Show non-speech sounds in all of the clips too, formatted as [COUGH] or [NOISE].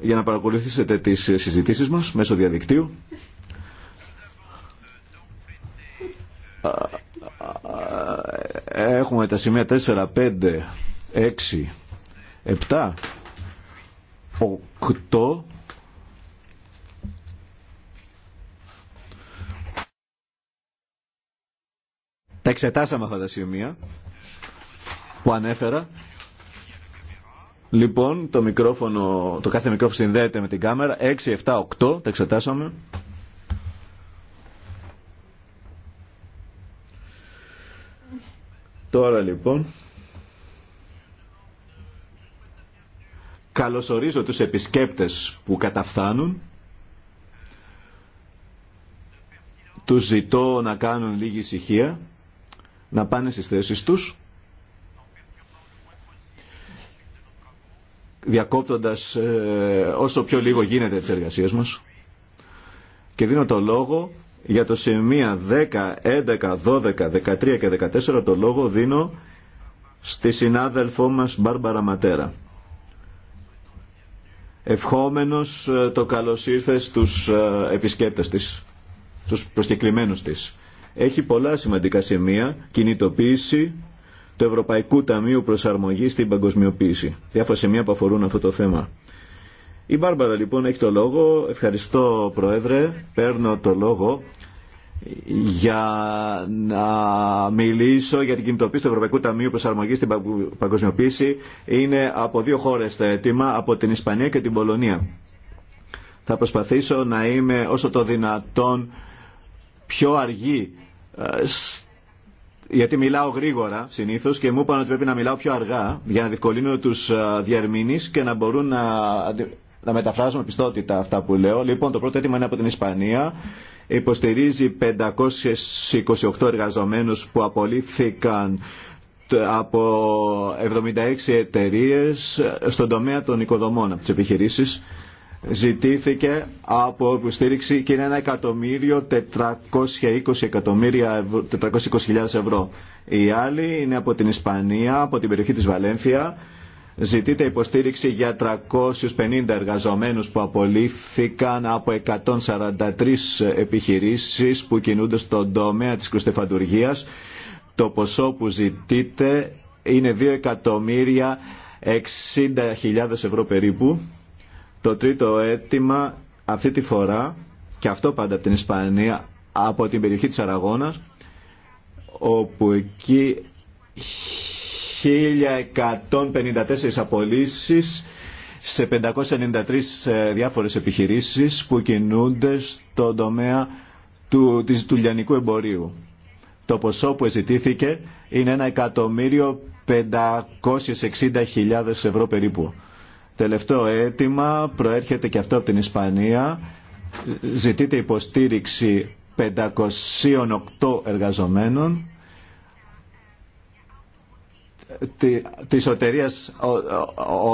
για να παρακολουθήσετε τις συζητήσεις μας μέσω διαδικτύου. Έχουμε τα σημεία 4, 5, 6, 7, 8, Τα εξετάσαμε αυτά τα σημεία που ανέφερα Λοιπόν, το, μικρόφωνο, το κάθε μικρόφωνο συνδέεται με την κάμερα. 6, 7, 8, τα εξετάσαμε. Τώρα λοιπόν, καλωσορίζω τους επισκέπτες που καταφθάνουν. Τους ζητώ να κάνουν λίγη ησυχία, να πάνε στις θέσεις τους. διακόπτοντας ε, όσο πιο λίγο γίνεται τις εργασίες μας. Και δίνω το λόγο για το σημείο 10, 11, 12, 13 και 14 το λόγο δίνω στη συνάδελφό μας Μπάρμπαρα Ματέρα. Ευχόμενος ε, το καλώς ήρθε στους ε, επισκέπτες της, στους προσκεκλημένους της. Έχει πολλά σημαντικά σημεία, κινητοποίηση, του Ευρωπαϊκού Ταμείου Προσαρμογής στην Παγκοσμιοποίηση. Διάφορα σημεία που αφορούν αυτό το θέμα. Η Μπάρμπαρα λοιπόν έχει το λόγο. Ευχαριστώ Πρόεδρε. Παίρνω το λόγο για να μιλήσω για την κινητοποίηση του Ευρωπαϊκού Ταμείου Προσαρμογής στην Παγκοσμιοποίηση. Είναι από δύο χώρες το αίτημα, από την Ισπανία και την Πολωνία. Θα προσπαθήσω να είμαι όσο το δυνατόν πιο αργή ε, γιατί μιλάω γρήγορα συνήθω και μου είπαν ότι πρέπει να μιλάω πιο αργά για να διευκολύνω του διαρμηνεί και να μπορούν να, να μεταφράζουν με πιστότητα αυτά που λέω. Λοιπόν, το πρώτο έτοιμο είναι από την Ισπανία. Υποστηρίζει 528 εργαζομένους που απολύθηκαν από 76 εταιρείε στον τομέα των οικοδομών από τι επιχειρήσει ζητήθηκε από υποστήριξη και είναι ένα εκατομμύριο 420 εκατομμύρια 420.000 ευρώ. Η άλλη είναι από την Ισπανία, από την περιοχή της Βαλένθια. Ζητείται υποστήριξη για 350 εργαζομένους που απολύθηκαν από 143 επιχειρήσεις που κινούνται στον τομέα της κρουστεφαντουργίας. Το ποσό που ζητείται είναι 2 εκατομμύρια 60.000 ευρώ περίπου. Το τρίτο αίτημα αυτή τη φορά, και αυτό πάντα από την Ισπανία, από την περιοχή της Αραγώνας, όπου εκεί 1154 απολύσεις σε 593 ε, διάφορες επιχειρήσεις που κινούνται στον τομέα του, της, του λιανικού εμπορίου. Το ποσό που εζητήθηκε είναι 1.560.000 ευρώ περίπου. Τελευταίο αίτημα προέρχεται και αυτό από την Ισπανία. Ζητείται υποστήριξη 508 εργαζομένων τη εταιρεία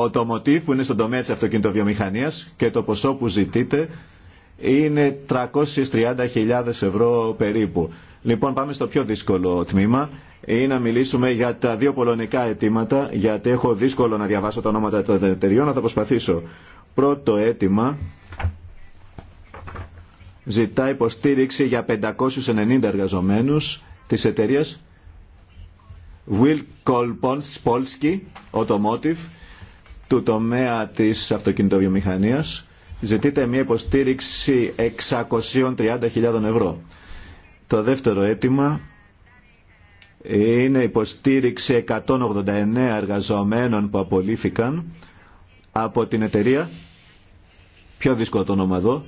Automotive που είναι στον τομέα της αυτοκινητοβιομηχανίας και το ποσό που ζητείτε είναι 330.000 ευρώ περίπου. Λοιπόν πάμε στο πιο δύσκολο τμήμα ή να μιλήσουμε για τα δύο πολωνικά αιτήματα, γιατί έχω δύσκολο να διαβάσω τα ονόματα των εταιριών, να τα προσπαθήσω. Πρώτο αίτημα ζητά υποστήριξη για 590 εργαζομένους της εταιρείας Wilkol Polski Automotive του τομέα της αυτοκινητοβιομηχανίας ζητείται μια υποστήριξη 630.000 ευρώ. Το δεύτερο αίτημα είναι υποστήριξη 189 εργαζομένων που απολύθηκαν από την εταιρεία, πιο δύσκολο το όνομα εδώ,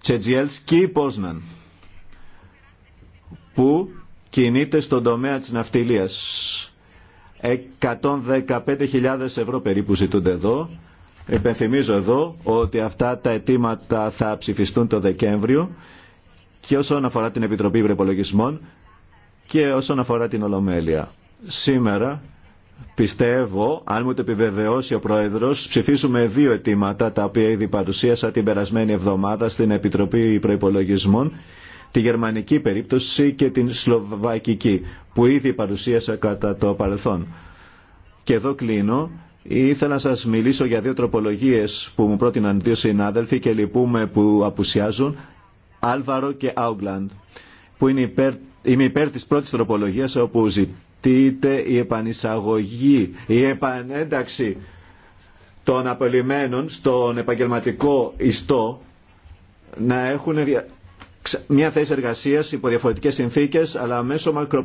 Τσετζιέλσκι Πόσναν, που κινείται στον τομέα της ναυτιλίας. 115.000 ευρώ περίπου ζητούνται εδώ. Επενθυμίζω εδώ ότι αυτά τα αιτήματα θα ψηφιστούν το Δεκέμβριο και όσον αφορά την Επιτροπή Υπηρεπολογισμών, και όσον αφορά την Ολομέλεια. Σήμερα πιστεύω, αν μου το επιβεβαιώσει ο Πρόεδρος, ψηφίσουμε δύο αιτήματα τα οποία ήδη παρουσίασα την περασμένη εβδομάδα στην Επιτροπή Προϋπολογισμών τη γερμανική περίπτωση και την σλοβακική που ήδη παρουσίασα κατά το παρελθόν. Και εδώ κλείνω. Ήθελα να σας μιλήσω για δύο τροπολογίες που μου πρότειναν δύο συνάδελφοι και λυπούμε που απουσιάζουν, Άλβαρο και Άουγκλαντ, που είναι υπέρ Είμαι υπέρ της πρώτης τροπολογίας όπου ζητείται η επανεισαγωγή, η επανένταξη των απολυμένων στον επαγγελματικό ιστό να έχουν μια θέση εργασίας υπό διαφορετικές συνθήκες αλλά μέσω μακρά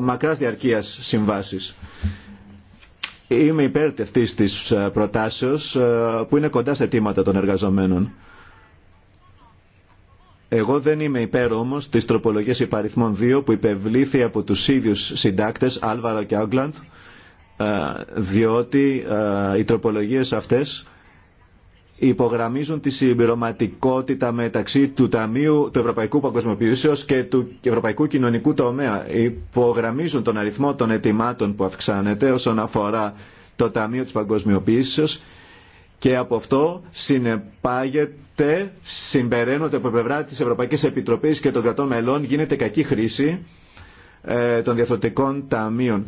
μακράς διαρκείας συμβάσεις. Είμαι υπέρ αυτής της ε, προτάσεως ε, που είναι κοντά σε αιτήματα των εργαζομένων. Εγώ δεν είμαι υπέρ όμω τη τροπολογία υπαριθμών 2 που υπευλήθη από τους ίδιους συντάκτε Άλβαρο και Άγκλαντ ε, διότι ε, οι τροπολογίες αυτές υπογραμμίζουν τη συμπληρωματικότητα μεταξύ του Ταμείου του Ευρωπαϊκού Παγκοσμιοποιήσεως και του Ευρωπαϊκού Κοινωνικού Τομέα. Υπογραμμίζουν τον αριθμό των ετοιμάτων που αυξάνεται όσον αφορά το Ταμείο τη παγκοσμιοποίηση και από αυτό συνεπάγεται, συμπεραίνονται από πλευρά της Ευρωπαϊκής Επιτροπής και των κρατών μελών γίνεται κακή χρήση ε, των διαθροτικών ταμείων.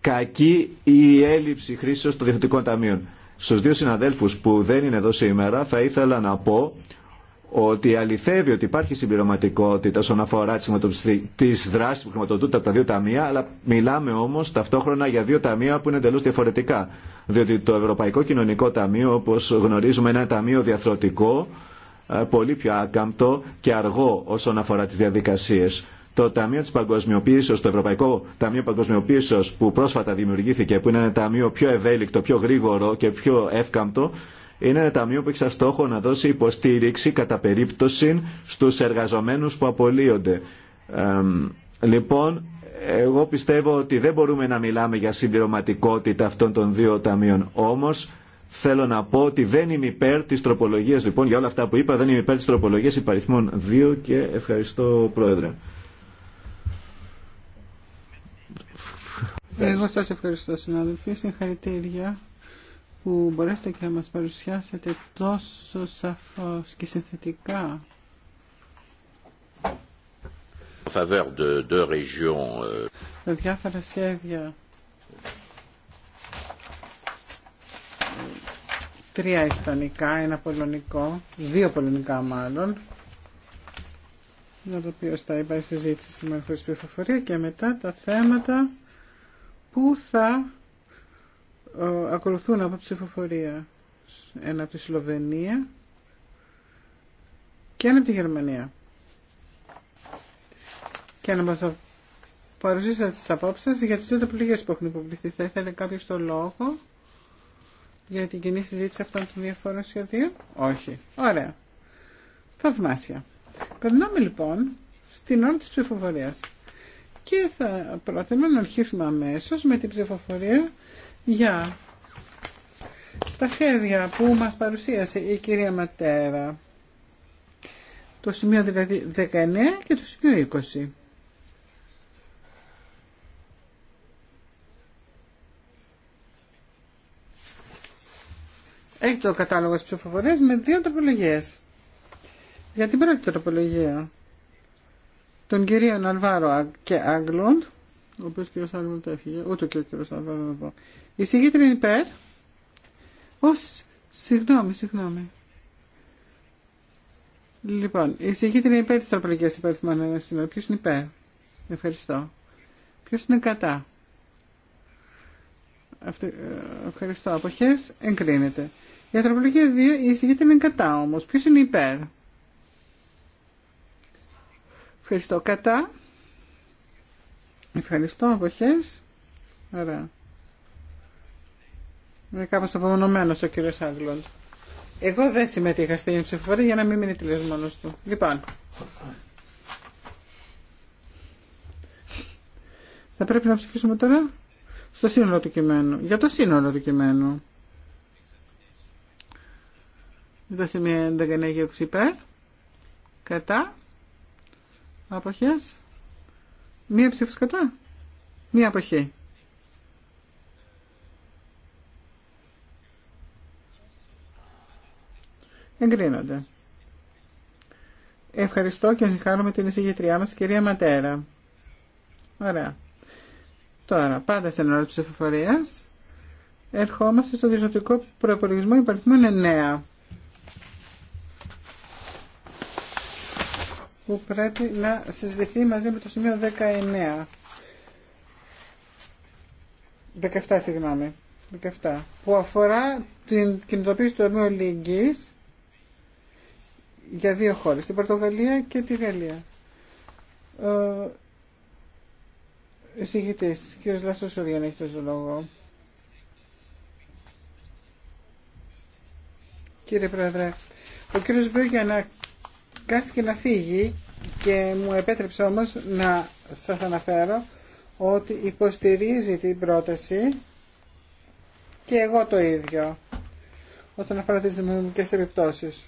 κακή η έλλειψη χρήσεως των διαθροτικών ταμείων. Στους δύο συναδέλφους που δεν είναι εδώ σήμερα θα ήθελα να πω ότι αληθεύει ότι υπάρχει συμπληρωματικότητα όσον αφορά τι δράσει που χρηματοδοτούνται από τα δύο ταμεία, αλλά μιλάμε όμω ταυτόχρονα για δύο ταμεία που είναι εντελώ διαφορετικά. Διότι το Ευρωπαϊκό Κοινωνικό Ταμείο, όπω γνωρίζουμε, είναι ένα ταμείο διαθροτικό, ε, πολύ πιο άκαμπτο και αργό όσον αφορά τι διαδικασίε. Το Ταμείο της Παγκοσμιοποίησης, το Ευρωπαϊκό Ταμείο Παγκοσμιοποίησης που πρόσφατα δημιουργήθηκε, που είναι ένα ταμείο πιο ευέλικτο, πιο γρήγορο και πιο εύκαμπτο, είναι ένα ταμείο που έχει σαν στόχο να δώσει υποστήριξη κατά περίπτωση στους εργαζομένους που απολύονται. λοιπόν, εγώ πιστεύω ότι δεν μπορούμε να μιλάμε για συμπληρωματικότητα αυτών των δύο ταμείων. Όμως, θέλω να πω ότι δεν είμαι υπέρ της τροπολογίας, λοιπόν, για όλα αυτά που είπα, δεν είμαι υπέρ της τροπολογίας υπαριθμών 2 και ευχαριστώ, Πρόεδρε. Εγώ σας ευχαριστώ συνάδελφοι, συγχαρητήρια που μπορέσετε και να μας παρουσιάσετε τόσο σαφώς και συνθετικά. Τα euh, διάφορα σχέδια. Τρία ισπανικά, ένα πολωνικό, δύο πολωνικά μάλλον. Να το οποίο τα είπα η συζήτηση σήμερα χωρίς πληροφορία και μετά τα θέματα που θα ακολουθούν από ψηφοφορία. Ένα από τη Σλοβενία και ένα από τη Γερμανία. Και να μας παρουσίασαν τις απόψεις σας για τις δύο πληγές που έχουν υποβληθεί. Θα ήθελε κάποιο το λόγο για την κοινή συζήτηση αυτών των διαφόρων σχεδίων. Όχι. Ωραία. Θαυμάσια. Περνάμε λοιπόν στην ώρα της ψηφοφορίας. Και θα πρότεινα να αρχίσουμε αμέσως με την ψηφοφορία για τα σχέδια που μας παρουσίασε η κυρία Ματέρα. Το σημείο δηλαδή 19 και το σημείο 20. Έχει το κατάλογο στις ψηφοφορίες με δύο τροπολογίες. Για την πρώτη τροπολογία των κυρίων Αλβάρο και Άγγλοντ ο οποίος κ. το έφυγε, ούτε και ο Η συγκίτρια είναι υπέρ. συγγνώμη, συγγνώμη. Λοιπόν, η συγκίτρια είναι υπέρ τη τροπολογίας υπέρ του είναι υπέρ. Ευχαριστώ. Ποιο είναι κατά. Ε, ευχαριστώ. αποχέ. εγκρίνεται. Η ανθρωπολογία 2, η συγκίτρια είναι κατά όμω. Ποιο είναι υπέρ. Ευχαριστώ. Κατά. Ευχαριστώ, αποχές. Ωραία. Είναι κάπως απομονωμένος ο κύριος Άγγλοντ. Εγώ δεν συμμετείχα στην ψηφοφορία για να μην μείνει τελείως μόνος του. Λοιπόν. Θα πρέπει να ψηφίσουμε τώρα στο σύνολο του κειμένου. Για το σύνολο του κειμένου. Δεν τα σημεία 11 υπέρ. Κατά. Αποχές. Μία ψήφος κατά. Μία αποχή. Εγκρίνονται. Ευχαριστώ και με την εισηγητριά μας, κυρία Ματέρα. Ωραία. Τώρα, πάντα στην ώρα της ψηφοφορίας, ερχόμαστε στο διευθυντικό προπολογισμό υπαριθμών 9. που πρέπει να συζητηθεί μαζί με το σημείο 19. 17, συγγνώμη. 17. Που αφορά την κινητοποίηση του Ταμείου Λίγκης για δύο χώρες, την Πορτογαλία και τη Γαλλία. Ε, συγητής, κύριος Λάσος έχει το λόγο. Κύριε Πρόεδρε, ο κύριος Μπέγκιανα και να φύγει και μου επέτρεψε όμως να σας αναφέρω ότι υποστηρίζει την πρόταση και εγώ το ίδιο όσον αφορά τις δημιουργικές επιπτώσεις.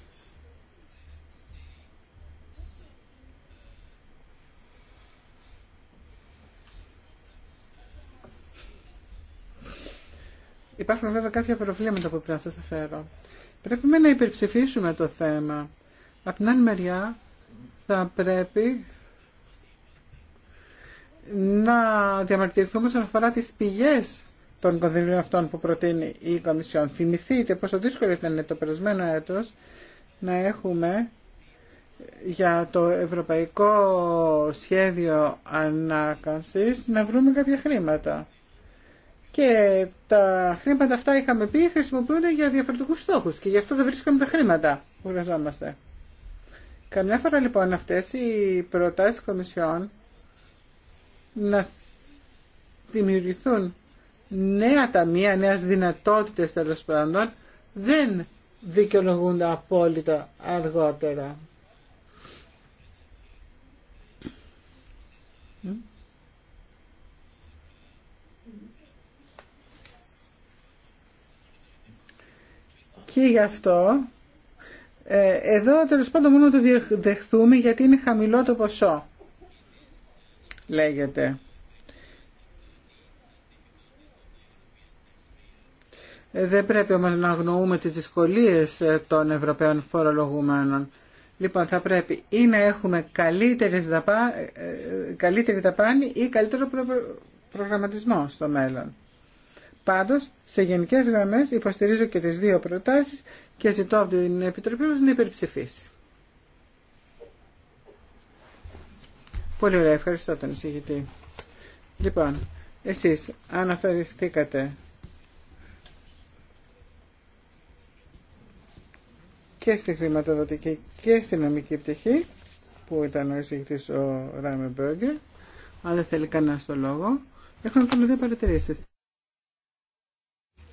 Υπάρχουν βέβαια κάποια προβλήματα που πρέπει να σας αφαίρω. Πρέπει να υπερψηφίσουμε το θέμα από την άλλη μεριά θα πρέπει να διαμαρτυρηθούμε όσον αφορά τις πηγές των κονδυλίων αυτών που προτείνει η Κομισιόν. Θυμηθείτε πόσο δύσκολο ήταν το περασμένο έτος να έχουμε για το ευρωπαϊκό σχέδιο ανάκαμψης να βρούμε κάποια χρήματα. Και τα χρήματα αυτά είχαμε πει χρησιμοποιούνται για διαφορετικούς στόχους και γι' αυτό δεν βρίσκαμε τα χρήματα που χρειαζόμαστε. Καμιά φορά λοιπόν αυτές οι προτάσεις κομισιών να δημιουργηθούν νέα ταμεία, νέες δυνατότητες τέλο πάντων, δεν δικαιολογούνται απόλυτα αργότερα. Και γι' αυτό ε, εδώ τέλο πάντων μόνο το δεχθούμε γιατί είναι χαμηλό το ποσό. Λέγεται. Ε, δεν πρέπει όμως να αγνοούμε τις δυσκολίες ε, των Ευρωπαίων φορολογουμένων. Λοιπόν, θα πρέπει ή να έχουμε καλύτερη δαπάνη ή καλύτερο προγραμματισμό στο μέλλον. Πάντως, σε γενικές γραμμές υποστηρίζω και τις δύο προτάσεις και ζητώ από την Επιτροπή μας να υπερψηφίσει. Πολύ ωραία, ευχαριστώ τον εισηγητή. Λοιπόν, εσείς αναφερθήκατε και στη χρηματοδοτική και στη νομική πτυχή που ήταν ο εισηγητής ο Μπέργκερ αλλά δεν θέλει κανένα το λόγο. Έχουν κάνει δύο παρατηρήσεις.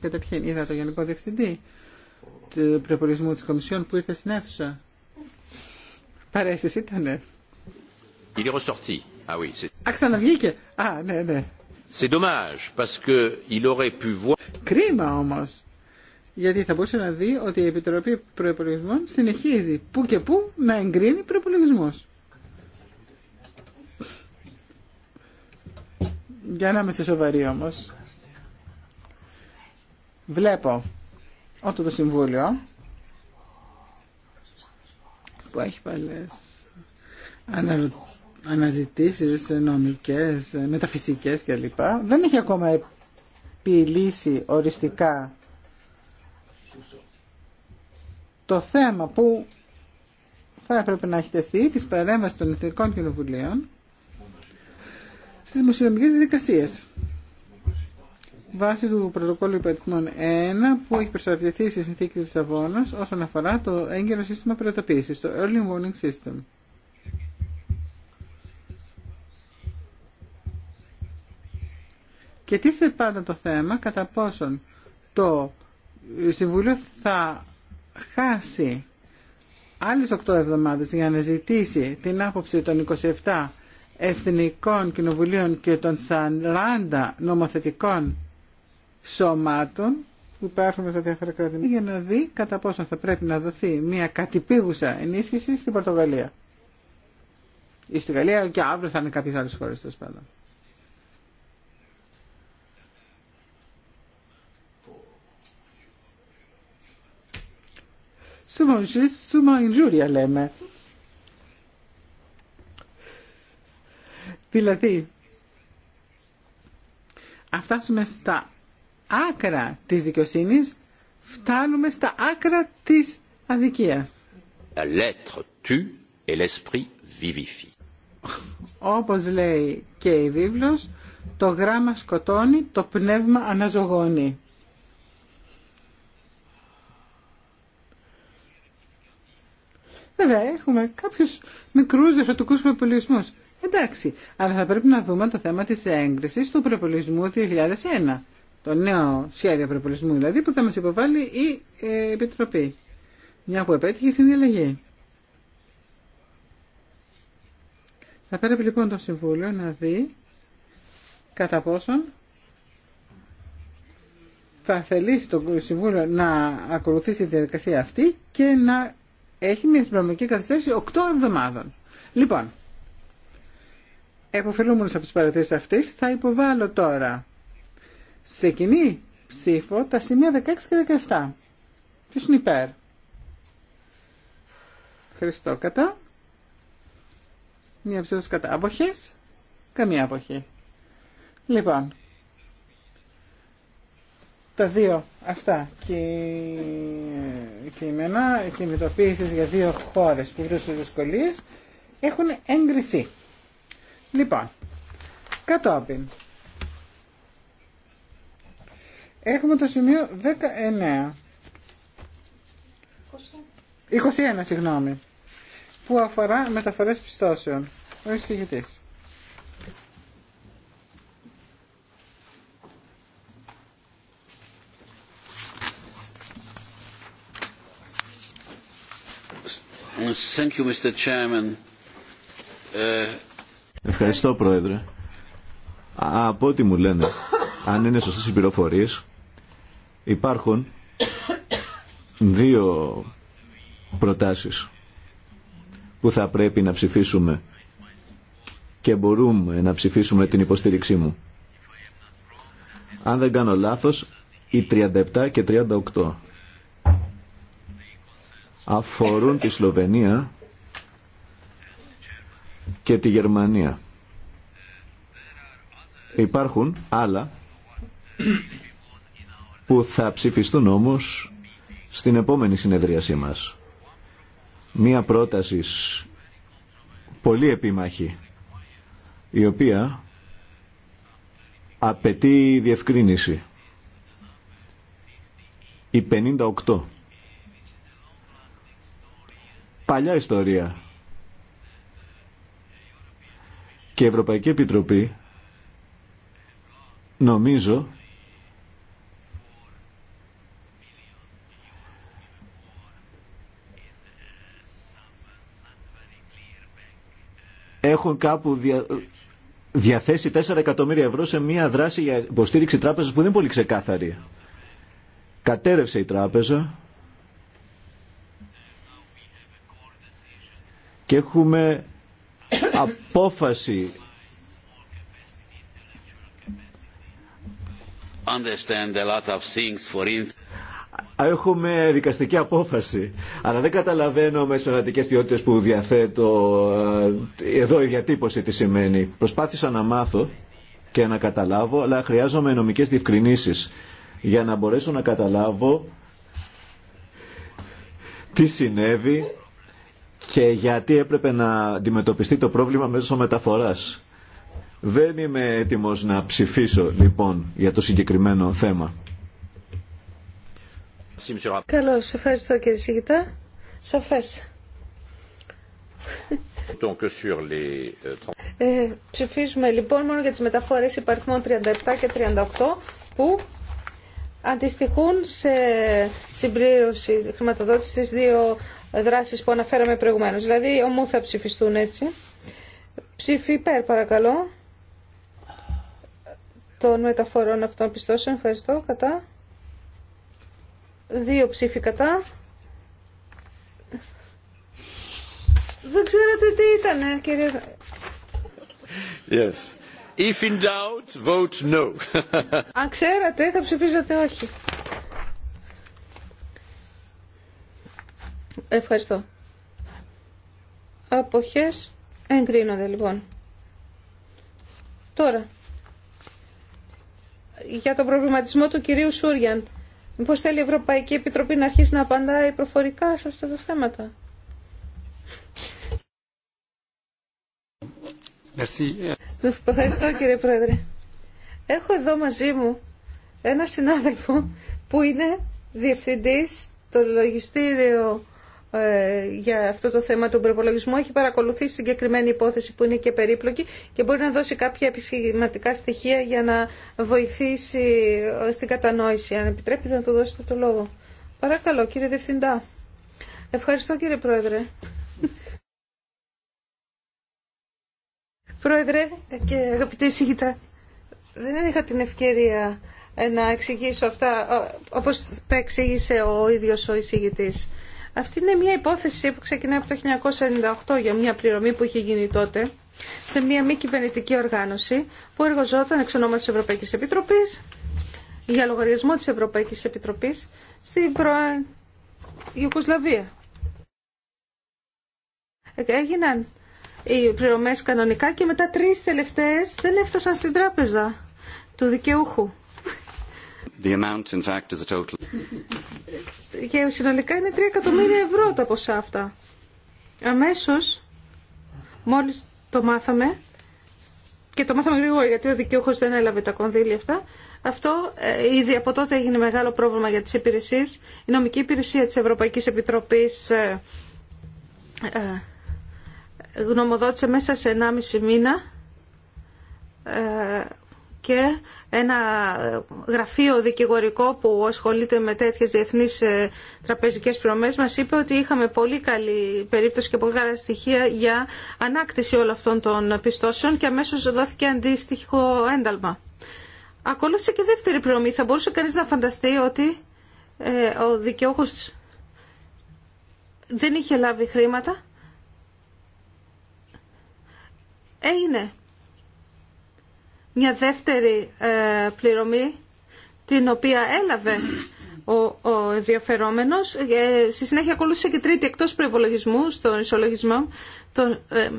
Καταρχήν είδα το Γενικό Διευθυντή του προπολισμού της Κομισιόν που ήρθε στην αίθουσα. Παρέσεις ήτανε. Ah Α, ξαναβγήκε. Α, ναι, ναι. C'est dommage, parce que il aurait pu voir... Κρίμα όμως. Γιατί θα μπορούσε να δει ότι η Επιτροπή Προπολογισμών συνεχίζει που και που να εγκρίνει προπολογισμού. Για να είμαστε σοβαροί όμως βλέπω ότι το Συμβούλιο που έχει πολλές ανα... αναζητήσεις νομικές, μεταφυσικές κλπ. Δεν έχει ακόμα επιλύσει οριστικά το θέμα που θα έπρεπε να έχει τεθεί της παρέμβασης των Εθνικών Κοινοβουλίων στις μουσουλμικές διαδικασίες βάσει του πρωτοκόλλου υπαριθμών 1 που έχει προστατευτεί στη συνθήκη της Σαββόνας όσον αφορά το έγκαιρο σύστημα προειδοποίησης, το Early Warning System. Και θέλει πάντα το θέμα κατά πόσον το Συμβούλιο θα χάσει άλλες 8 εβδομάδες για να ζητήσει την άποψη των 27 εθνικών κοινοβουλίων και των 40 νομοθετικών σωμάτων που υπάρχουν στα διάφορα κράτη για να δει κατά πόσο θα πρέπει να δοθεί μια κατυπήγουσα ενίσχυση στην Πορτογαλία. Ή στη Γαλλία και αύριο θα είναι κάποιες άλλε χώρε τέλος πάντων. Σούμα ιντζούρια λέμε. Δηλαδή, αν φτάσουμε στα άκρα της δικαιοσύνης φτάνουμε στα άκρα της αδικίας. La tue et l'esprit vivifie. Όπως λέει και η βίβλος, το γράμμα σκοτώνει, το πνεύμα αναζωγώνει. Βέβαια, έχουμε κάποιους μικρούς διαφορετικούς προπολισμούς. Εντάξει, αλλά θα πρέπει να δούμε το θέμα της έγκριση του προπολισμού 2001 το νέο σχέδιο προπολισμού δηλαδή που θα μας υποβάλει η ε, Επιτροπή. Μια που επέτυχε στην διαλλαγή. Θα πρέπει λοιπόν το Συμβούλιο να δει κατά πόσον θα θελήσει το Συμβούλιο να ακολουθήσει τη διαδικασία αυτή και να έχει μια συμπραγματική καθυστέρηση 8 εβδομάδων. Λοιπόν, εποφελούμενος από τις παρατηρήσεις αυτές, θα υποβάλω τώρα σε κοινή ψήφο τα σημεία 16 και 17. Ποιος είναι υπέρ. Χριστό κατά. Μία ψήφος κατά. Αποχές. Καμία αποχή. Λοιπόν, τα δύο αυτά και κείμενα κινητοποίησης για δύο χώρες που βρίσκονται δυσκολίε έχουν εγκριθεί. Λοιπόν, κατόπιν Έχουμε το σημείο 19. 21, συγγνώμη. Που αφορά μεταφορές πιστώσεων. Ο εισηγητής. Thank you, Mr. Chairman. Uh, Ευχαριστώ, Πρόεδρε. Από ό,τι μου λένε, αν είναι σωστές οι πληροφορίες, Υπάρχουν δύο προτάσεις που θα πρέπει να ψηφίσουμε και μπορούμε να ψηφίσουμε την υποστήριξή μου. Αν δεν κάνω λάθος, οι 37 και 38 αφορούν τη Σλοβενία και τη Γερμανία. Υπάρχουν άλλα που θα ψηφιστούν όμως στην επόμενη συνεδρίασή μας. Μία πρόταση πολύ επίμαχη, η οποία απαιτεί διευκρίνηση. Η 58. Παλιά ιστορία. Και η Ευρωπαϊκή Επιτροπή νομίζω έχουν κάπου διαθέσει 4 εκατομμύρια ευρώ σε μια δράση για υποστήριξη τράπεζας που δεν είναι πολύ ξεκάθαρη. Κατέρευσε η τράπεζα και έχουμε απόφαση understand a lot of things for Έχουμε δικαστική απόφαση, αλλά δεν καταλαβαίνω με τι πραγματικές που διαθέτω ε, εδώ η διατύπωση τι σημαίνει. Προσπάθησα να μάθω και να καταλάβω, αλλά χρειάζομαι νομικές διευκρινήσεις για να μπορέσω να καταλάβω τι συνέβη και γιατί έπρεπε να αντιμετωπιστεί το πρόβλημα μέσω μεταφοράς. Δεν είμαι έτοιμος να ψηφίσω λοιπόν για το συγκεκριμένο θέμα. Καλώς, ευχαριστώ κύριε Σιγητά. Σαφές. Euh, ε, ψηφίζουμε λοιπόν μόνο για τις μεταφορές υπαριθμών 37 και 38 που αντιστοιχούν σε συμπλήρωση χρηματοδότηση στις δύο δράσεις που αναφέραμε προηγουμένως. Δηλαδή ομού θα ψηφιστούν έτσι. Ψήφι υπέρ παρακαλώ των μεταφορών αυτών πιστώσεων. Ευχαριστώ. Κατά. Δύο ψήφοι κατά. Δεν ξέρατε τι ήτανε, κύριε... Yes. If in doubt, vote no. [LAUGHS] Αν ξέρατε, θα ψηφίζατε όχι. Ευχαριστώ. Αποχές εγκρίνονται λοιπόν. Τώρα, για τον προβληματισμό του κυρίου Σούριαν. Μήπως θέλει η Ευρωπαϊκή Επιτροπή να αρχίσει να απαντάει προφορικά σε αυτά τα θέματα. Ευχαριστώ κύριε Πρόεδρε. Έχω εδώ μαζί μου ένα συνάδελφο που είναι διευθυντής στο λογιστήριο ε, για αυτό το θέμα του προπολογισμού έχει παρακολουθήσει συγκεκριμένη υπόθεση που είναι και περίπλοκη και μπορεί να δώσει κάποια επισηματικά στοιχεία για να βοηθήσει ε, στην κατανόηση. Αν επιτρέπετε να του δώσετε το λόγο. Παρακαλώ κύριε Διευθυντά. Ευχαριστώ κύριε Πρόεδρε. Πρόεδρε και αγαπητή δεν είχα την ευκαιρία ε, να εξηγήσω αυτά όπως τα εξήγησε ο ίδιος ο εισηγητής. Αυτή είναι μια υπόθεση που ξεκινάει από το 1998 για μια πληρωμή που είχε γίνει τότε σε μια μη κυβερνητική οργάνωση που εργοζόταν εξ ονόματος της Ευρωπαϊκής Επιτροπής για λογαριασμό της Ευρωπαϊκής Επιτροπής στην προ... Έγιναν οι πληρωμές κανονικά και μετά τρεις τελευταίες δεν έφτασαν στην τράπεζα του δικαιούχου. The amount, in fact, is a total και συνολικά είναι 3 εκατομμύρια ευρώ τα ποσά αυτά. Αμέσως, μόλις το μάθαμε, και το μάθαμε γρήγορα γιατί ο δικαιούχος δεν έλαβε τα κονδύλια αυτά, αυτό ε, ήδη από τότε έγινε μεγάλο πρόβλημα για τις υπηρεσίες. Η νομική υπηρεσία της Ευρωπαϊκής Επιτροπής ε, ε, γνωμοδότησε μέσα σε 1,5 μήνα και ένα γραφείο δικηγορικό που ασχολείται με τέτοιες διεθνείς ε, τραπεζικές πληρωμές μας είπε ότι είχαμε πολύ καλή περίπτωση και πολύ καλά στοιχεία για ανάκτηση όλων αυτών των πιστώσεων και αμέσως δόθηκε αντίστοιχο ένταλμα. Ακολούθησε και δεύτερη πληρωμή. Θα μπορούσε κανείς να φανταστεί ότι ε, ο δικαιούχος δεν είχε λάβει χρήματα. Έγινε μια δεύτερη ε, πληρωμή την οποία έλαβε ο, ο ενδιαφερόμενος. Ε, στη συνέχεια ακολούθησε και τρίτη εκτός προϋπολογισμού στον ισολογισμό. Το ε,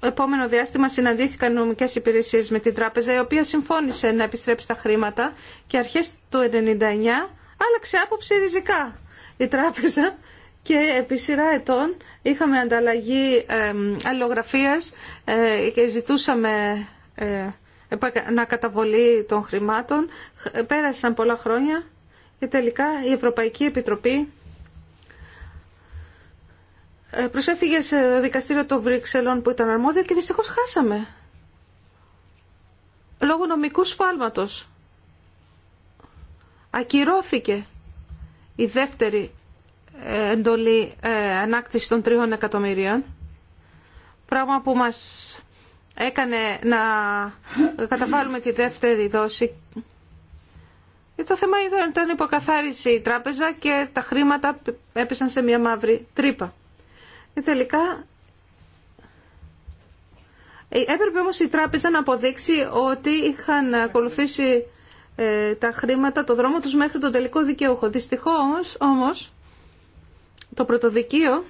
επόμενο διάστημα συναντήθηκαν νομικές υπηρεσίες με την τράπεζα η οποία συμφώνησε να επιστρέψει τα χρήματα και αρχές του 1999 άλλαξε άποψη ριζικά η τράπεζα και επί σειρά ετών Είχαμε ανταλλαγή αλληλογραφίας ε, και ζητούσαμε ε, ανακαταβολή των χρημάτων. Πέρασαν πολλά χρόνια και τελικά η Ευρωπαϊκή Επιτροπή ε, προσέφυγε σε δικαστήριο των Βρυξελών που ήταν αρμόδιο και δυστυχώς χάσαμε. Λόγω νομικού σφάλματος. Ακυρώθηκε η δεύτερη εντολή ε, ανάκτηση των τριών εκατομμυρίων, πράγμα που μας έκανε να καταβάλουμε τη δεύτερη δόση. Ε, το θέμα ήταν υποκαθάριση η τράπεζα και τα χρήματα έπεσαν σε μια μαύρη τρύπα. Και ε, τελικά έπρεπε όμως η τράπεζα να αποδείξει ότι είχαν ακολουθήσει τα χρήματα, το δρόμο τους μέχρι τον τελικό δικαιούχο. Δυστυχώς όμως το πρωτοδικείο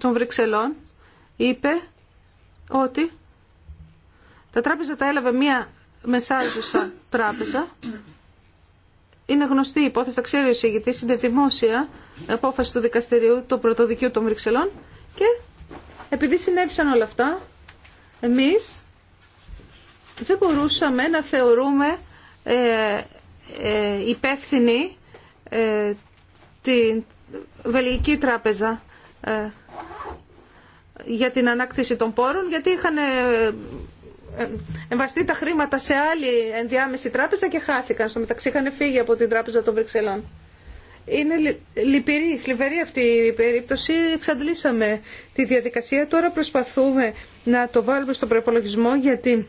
των Βρυξελών είπε ότι τα τράπεζα τα έλαβε μία μεσάζουσα τράπεζα. Είναι γνωστή η υπόθεση, τα ξέρει ο εισηγητής, είναι δημόσια απόφαση του δικαστηριού, του πρωτοδικείου των Βρυξελών και επειδή συνέβησαν όλα αυτά, εμείς δεν μπορούσαμε να θεωρούμε ε, ε, υπεύθυνη ε, την Βελγική Τράπεζα ε, για την ανάκτηση των πόρων, γιατί είχαν ε, ε, εμβαστεί τα χρήματα σε άλλη ενδιάμεση τράπεζα και χάθηκαν. Στο μεταξύ είχαν φύγει από την Τράπεζα των Βρυξελών. Είναι λυπηρή, θλιβερή αυτή η περίπτωση. Εξαντλήσαμε τη διαδικασία. Τώρα προσπαθούμε να το βάλουμε στον προπολογισμό γιατί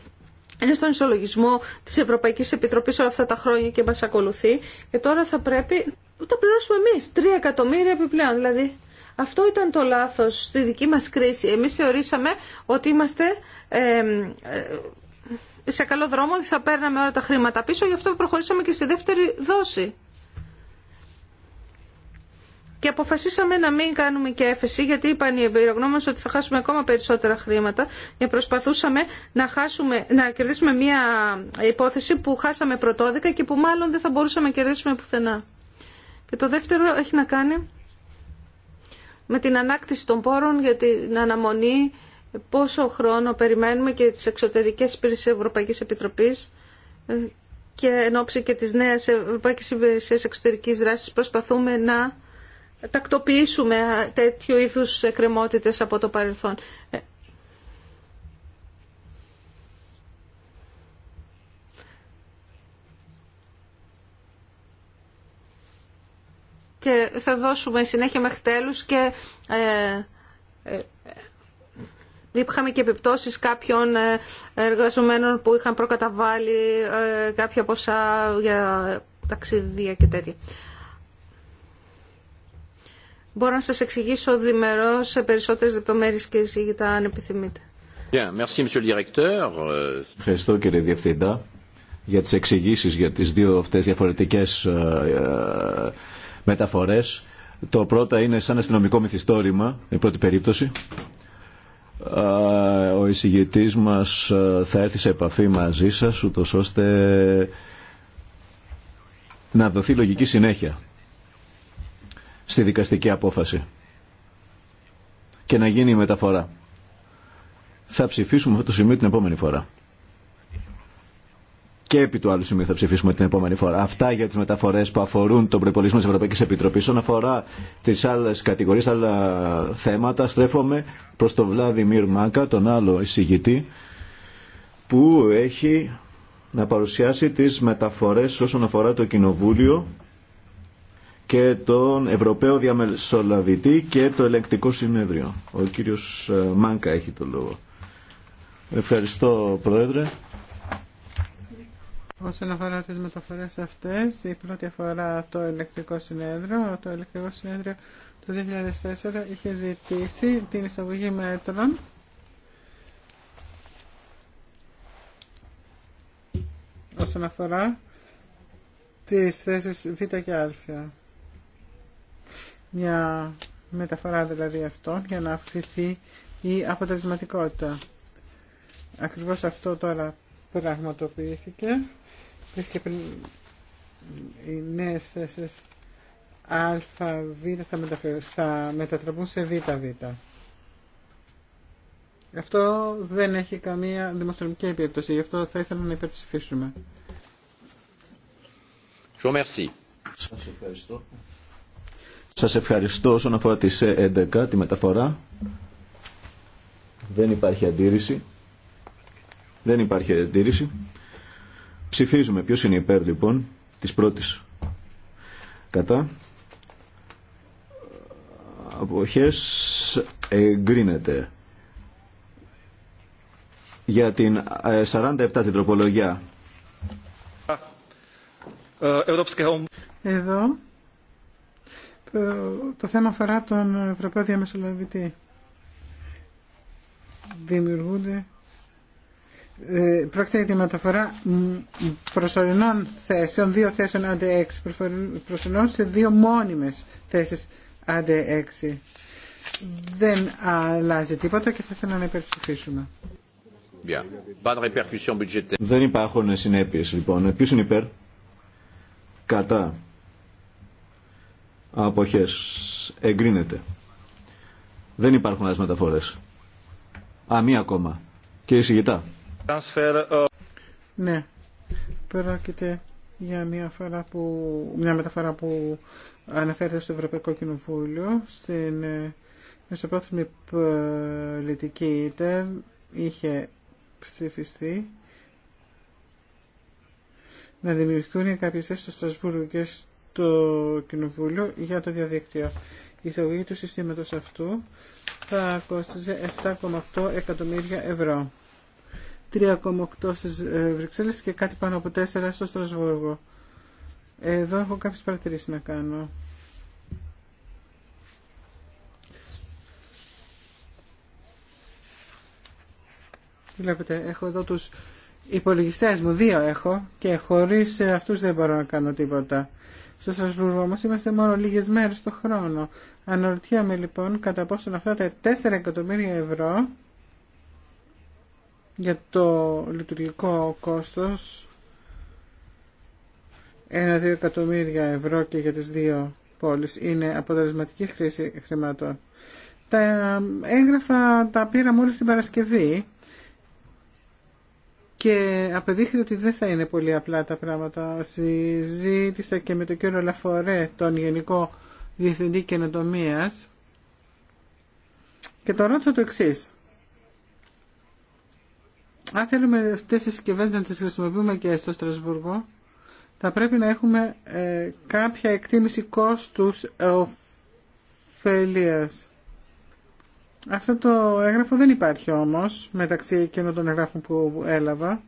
είναι στον ισολογισμό της Ευρωπαϊκής Επιτροπής όλα αυτά τα χρόνια και μας ακολουθεί. Και τώρα θα πρέπει τα πληρώσουμε εμεί Τρία εκατομμύρια επιπλέον. Δηλαδή αυτό ήταν το λάθο στη δική μα κρίση. Εμεί θεωρήσαμε ότι είμαστε ε, σε καλό δρόμο, ότι θα παίρναμε όλα τα χρήματα πίσω, γι' αυτό προχωρήσαμε και στη δεύτερη δόση. Και αποφασίσαμε να μην κάνουμε και έφεση, γιατί είπαν οι εμπειρογνώμονε ότι θα χάσουμε ακόμα περισσότερα χρήματα και προσπαθούσαμε να, χάσουμε, να κερδίσουμε μια υπόθεση που χάσαμε πρωτόδικα και που μάλλον δεν θα μπορούσαμε να κερδίσουμε πουθενά. Και το δεύτερο έχει να κάνει με την ανάκτηση των πόρων για την αναμονή πόσο χρόνο περιμένουμε και τις εξωτερικές υπηρεσίες Ευρωπαϊκής Επιτροπής ε, και εν ώψη και της νέας Ευρωπαϊκής Υπηρεσίας Εξωτερικής Δράσης προσπαθούμε να τακτοποιήσουμε τέτοιου είδους εκκρεμότητες από το παρελθόν. Ε, και θα δώσουμε συνέχεια μέχρι τέλους και ε, ε είχαμε και επιπτώσεις κάποιων ε, εργαζομένων που είχαν προκαταβάλει ε, κάποια ποσά για ταξίδια και τέτοια. Μπορώ να σας εξηγήσω διμερώς σε περισσότερες λεπτομέρειες και γιατί αν επιθυμείτε. Ευχαριστώ κύριε Διευθύντα για τις εξηγήσεις για τις δύο αυτές διαφορετικές μεταφορές. Το πρώτο είναι σαν αστυνομικό μυθιστόρημα, η πρώτη περίπτωση. Ο εισηγητής μας θα έρθει σε επαφή μαζί σας, ούτως ώστε να δοθεί λογική συνέχεια στη δικαστική απόφαση και να γίνει η μεταφορά. Θα ψηφίσουμε αυτό το σημείο την επόμενη φορά και επί του άλλου σημείου θα ψηφίσουμε την επόμενη φορά. Αυτά για τι μεταφορέ που αφορούν τον προπολογισμό τη Ευρωπαϊκή Επιτροπή. Όσον αφορά τι άλλε κατηγορίε, άλλα θέματα, στρέφομαι προ τον Βλάδι Μάκα, τον άλλο εισηγητή, που έχει να παρουσιάσει τι μεταφορέ όσον αφορά το Κοινοβούλιο και τον Ευρωπαίο Διαμεσολαβητή και το Ελεκτικό Συνέδριο. Ο κύριος Μάνκα έχει το λόγο. Ευχαριστώ, Πρόεδρε. Όσον αφορά τις μεταφορές αυτές, η πρώτη αφορά το ηλεκτρικό συνέδριο. Το ηλεκτρικό συνέδριο το 2004 είχε ζητήσει την εισαγωγή μέτρων όσον αφορά τις θέσεις Β και Α. Μια μεταφορά δηλαδή αυτών για να αυξηθεί η αποτελεσματικότητα. Ακριβώς αυτό τώρα πραγματοποιήθηκε και πριν οι νέες θέσεις α, β θα, θα μετατραπούν σε β, β. Αυτό δεν έχει καμία δημοσιονομική επίπτωση, γι' αυτό θα ήθελα να υπερψηφίσουμε. Σας ευχαριστώ. Σας ευχαριστώ όσον αφορά τη σε 11 τη μεταφορά. Δεν υπάρχει αντίρρηση. Δεν υπάρχει αντίρρηση. Ψηφίζουμε. Ποιος είναι υπέρ λοιπόν της πρώτης. Κατά. Αποχές εγκρίνεται. Για την 47 ε, την τροπολογία. Εδώ το θέμα αφορά τον Ευρωπαίο Διαμεσολαβητή. Δημιουργούνται ε, πρόκειται για τη μεταφορά προσωρινών θέσεων, δύο θέσεων άντε έξι προσωρινών σε δύο μόνιμες θέσεις άντε έξι Δεν αλλάζει τίποτα και θα ήθελα να υπερψηφίσουμε. Δεν υπάρχουν συνέπειες λοιπόν. Ποιος είναι υπέρ? Κατά. Αποχές. Εγκρίνεται. Δεν υπάρχουν άλλες μεταφορέ. Α, μία ακόμα. Κύριε Σιγητά. Ε, ναι, πρόκειται για μια, μεταφορά που αναφέρεται στο Ευρωπαϊκό Κοινοβούλιο στην ε, μεσοπρόθεσμη πολιτική ήταν, είχε ψηφιστεί να δημιουργηθούν κάποιες θέσει στο Στρασβούργο και στο Κοινοβούλιο για το διαδίκτυο. Η εισαγωγή του συστήματος αυτού θα κόστιζε 7,8 εκατομμύρια ευρώ. 3,8 στις ε, Βρυξέλλες και κάτι πάνω από 4 στο Στρασβούργο. Εδώ έχω κάποιες παρατηρήσεις να κάνω. Βλέπετε, έχω εδώ τους υπολογιστές μου, δύο έχω και χωρίς ε, αυτούς δεν μπορώ να κάνω τίποτα. Στο Στρασβούργο όμως είμαστε μόνο λίγες μέρες το χρόνο. Αναρωτιέμαι λοιπόν κατά πόσο αυτά τα 4 εκατομμύρια ευρώ για το λειτουργικό κόστος 1-2 εκατομμύρια ευρώ και για τις δύο πόλεις είναι αποτελεσματική χρήση χρημάτων. Τα έγγραφα τα πήρα μόλις την Παρασκευή και απεδείχθηκε ότι δεν θα είναι πολύ απλά τα πράγματα. Συζήτησα και με τον κύριο Λαφορέ, τον Γενικό Διευθυντή Καινοτομίας και το ρώτησα το εξής αν θέλουμε αυτές τις συσκευέ να τις χρησιμοποιούμε και στο Στρασβούργο, θα πρέπει να έχουμε ε, κάποια εκτίμηση κόστους ωφελίας. Αυτό το έγγραφο δεν υπάρχει όμως μεταξύ εκείνων των εγγράφων που έλαβα.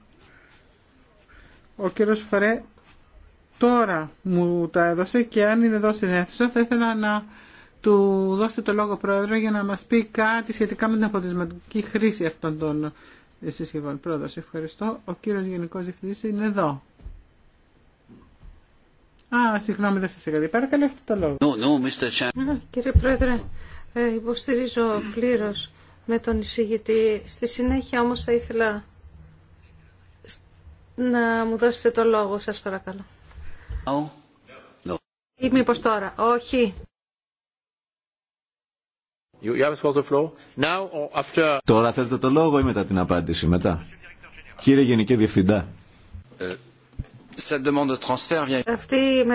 Ο κύριος Φαρέ τώρα μου τα έδωσε και αν είναι εδώ στην αίθουσα θα ήθελα να του δώσετε το λόγο πρόεδρο για να μας πει κάτι σχετικά με την αποτελεσματική χρήση αυτών των συσκευών. σε ευχαριστώ. Ο κύριος Γενικός Διευθυντής είναι εδώ. Α, συγγνώμη, δεν σας είχα Παρακαλώ, αυτό το λόγο. Ναι, κύριε Πρόεδρε, ε, υποστηρίζω πλήρως με τον εισηγητή. Στη συνέχεια όμως θα ήθελα να μου δώσετε το λόγο, σας παρακαλώ. Ή μήπως τώρα. Όχι. Τώρα θέλετε το λόγο ή μετά την απάντηση, μετά. Κύριε Γενική Διευθυντά. Αυτή,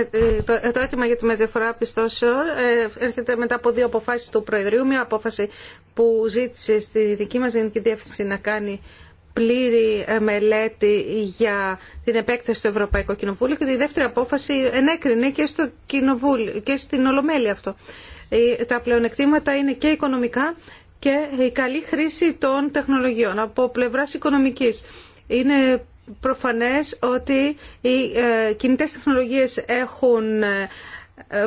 το αίτημα για τη μεταφορά πιστώσεων ε, έρχεται μετά από δύο αποφάσεις του Προεδρείου. Μια απόφαση που ζήτησε στη δική μας Γενική Διεύθυνση να κάνει πλήρη ε, μελέτη για την επέκταση του Ευρωπαϊκό Κοινοβούλιο και τη δεύτερη απόφαση ενέκρινε και, στο και στην Ολομέλη αυτό. Τα πλεονεκτήματα είναι και οικονομικά και η καλή χρήση των τεχνολογιών από πλευράς οικονομικής. Είναι προφανές ότι οι ε, κινητές τεχνολογίες έχουν ε,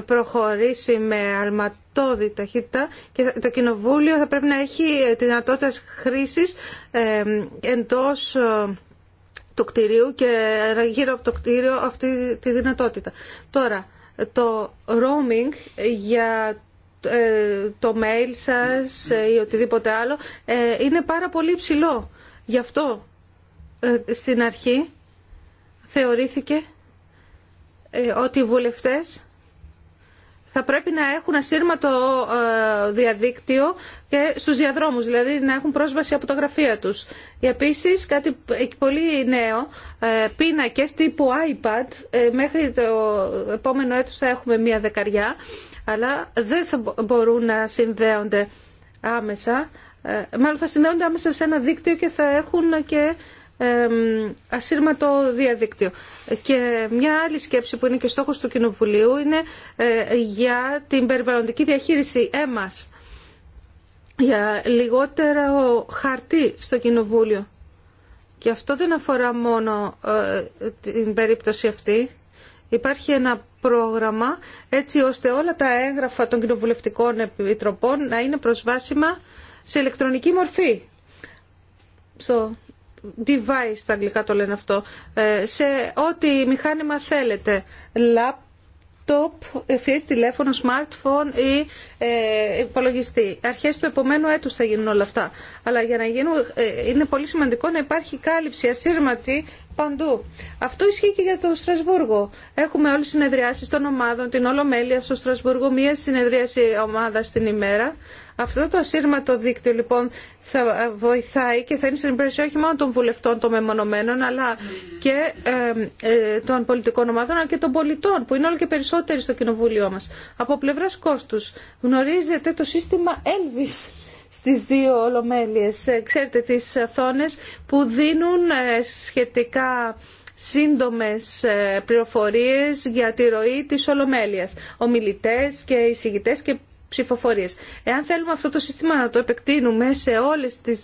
προχωρήσει με αλματώδη ταχύτητα και το Κοινοβούλιο θα πρέπει να έχει τη δυνατότητα χρήσης ε, εντός του κτηρίου και γύρω από το κτίριο αυτή τη δυνατότητα. Τώρα, το roaming για ε, το mail σας ε, ή οτιδήποτε άλλο ε, είναι πάρα πολύ ψηλό. Γι' αυτό στην αρχή θεωρήθηκε ότι οι βουλευτές θα πρέπει να έχουν ασύρματο διαδίκτυο και στους διαδρόμους, δηλαδή να έχουν πρόσβαση από τα γραφεία τους. Επίσης, κάτι πολύ νέο, πίνακες τύπου iPad, μέχρι το επόμενο έτος θα έχουμε μία δεκαριά, αλλά δεν θα μπορούν να συνδέονται άμεσα. Ε, μάλλον θα συνδέονται άμεσα σε ένα δίκτυο και θα έχουν και ασύρματο διαδίκτυο. Και μια άλλη σκέψη που είναι και στόχος του Κοινοβουλίου είναι ε, για την περιβαλλοντική διαχείριση έμας για λιγότερο χαρτί στο Κοινοβούλιο. Και αυτό δεν αφορά μόνο ε, την περίπτωση αυτή υπάρχει ένα πρόγραμμα έτσι ώστε όλα τα έγγραφα των κοινοβουλευτικών επιτροπών να είναι προσβάσιμα σε ηλεκτρονική μορφή. Στο device, στα αγγλικά το λένε αυτό, ε, σε ό,τι μηχάνημα θέλετε, Λάπτοπ, εφίες τηλέφωνο, smartphone ή ε, υπολογιστή. Αρχές του επομένου έτους θα γίνουν όλα αυτά. Αλλά για να γίνουν, ε, είναι πολύ σημαντικό να υπάρχει κάλυψη ασύρματη παντού. Αυτό ισχύει και για το Στρασβούργο. Έχουμε όλες τις συνεδριάσεις των ομάδων, την Ολομέλεια στο Στρασβούργο, μία συνεδρίαση ομάδα την ημέρα. Αυτό το ασύρματο δίκτυο λοιπόν θα βοηθάει και θα είναι στην υπηρεσία όχι μόνο των βουλευτών των μεμονωμένων αλλά και ε, ε, των πολιτικών ομάδων αλλά και των πολιτών που είναι όλο και περισσότεροι στο κοινοβούλιο μας. Από πλευράς κόστους γνωρίζετε το σύστημα Elvis στις δύο ολομέλειες. Ε, ξέρετε τις οθόνε που δίνουν ε, σχετικά σύντομες ε, πληροφορίες για τη ροή της ολομέλειας. Ομιλητές και εισηγητές και ψηφοφορίες. Εάν θέλουμε αυτό το σύστημα να το επεκτείνουμε σε όλες τις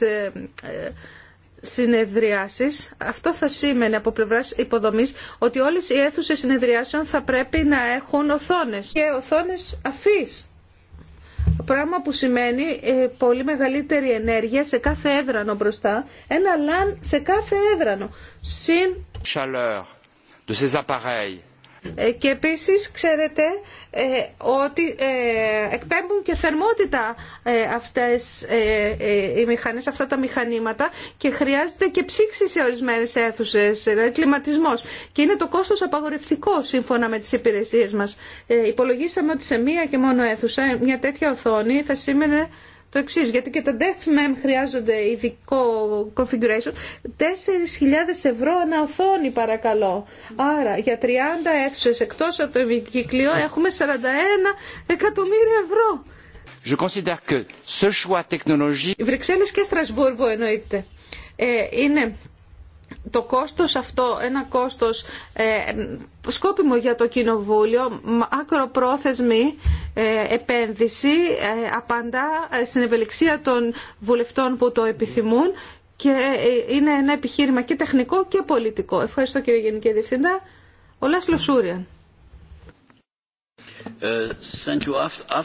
συνεδριάσεις, αυτό θα σήμαινε από πλευρά υποδομής ότι όλες οι αίθουσες συνεδριάσεων θα πρέπει να έχουν οθόνες και οθόνες αφής. Πράγμα που σημαίνει ε, πολύ μεγαλύτερη ενέργεια σε κάθε έδρανο μπροστά. Ένα λαν σε κάθε έδρανο. Συν... Chaleur ε, και επίση, ξέρετε, ε, ότι ε, εκπέμπουν και θερμότητα ε, αυτές οι μηχανές, αυτά τα μηχανήματα και χρειάζεται και ψήξη σε ορισμένες αίθουσες, δηλαδή κλιματισμός. Και είναι το κόστος απαγορευτικό σύμφωνα με τις υπηρεσίες μας. Υπολογίσαμε ότι σε μία και μόνο αίθουσα μια τέτοια οθόνη θα σήμαινε το εξή, γιατί και τα DexMem χρειάζονται ειδικό configuration. 4.000 ευρώ ανά οθόνη παρακαλώ. Άρα για 30 αίθουσε εκτό από το ημικύκλιο έχουμε 41 εκατομμύρια ευρώ. Je considère que ce choix Βρυξέλλες και Στρασβούργο εννοείται. Ε, είναι το κόστος αυτό, ένα κόστος ε, σκόπιμο για το Κοινοβούλιο, ακροπρόθεσμη ε, επένδυση, ε, απαντά στην ευελιξία των βουλευτών που το επιθυμούν και είναι ένα επιχείρημα και τεχνικό και πολιτικό. Ευχαριστώ κύριε Γενική Διευθύντα. Ο Λάσλο Σούριαν. Thank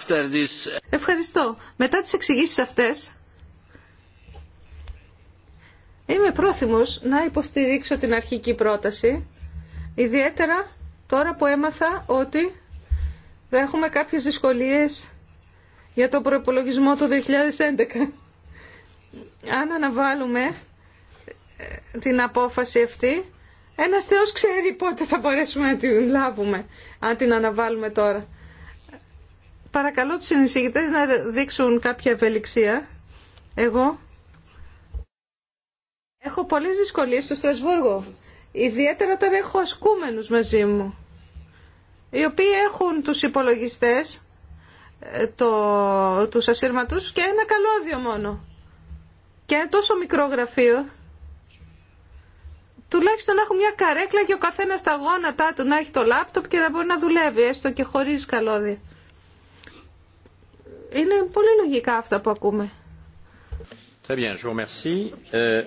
this... Ευχαριστώ. Μετά τις εξηγήσεις αυτές Είμαι πρόθυμος να υποστηρίξω την αρχική πρόταση, ιδιαίτερα τώρα που έμαθα ότι θα έχουμε κάποιες δυσκολίες για το προπολογισμό του 2011. Αν αναβάλουμε ε, την απόφαση αυτή, ένας Θεός ξέρει πότε θα μπορέσουμε να την λάβουμε, αν την αναβάλουμε τώρα. Παρακαλώ τους συνεισηγητές να δείξουν κάποια ευελιξία. Εγώ Έχω πολλές δυσκολίες στο Στρασβούργο, ιδιαίτερα όταν έχω ασκούμενους μαζί μου, οι οποίοι έχουν τους υπολογιστές, ε, το, τους ασύρματους και ένα καλώδιο μόνο. Και ένα τόσο μικρό γραφείο, τουλάχιστον να μια καρέκλα και ο καθένα στα γόνατά του να έχει το λάπτοπ και να μπορεί να δουλεύει, έστω και χωρί καλώδια. Είναι πολύ λογικά αυτά που ακούμε. Euh,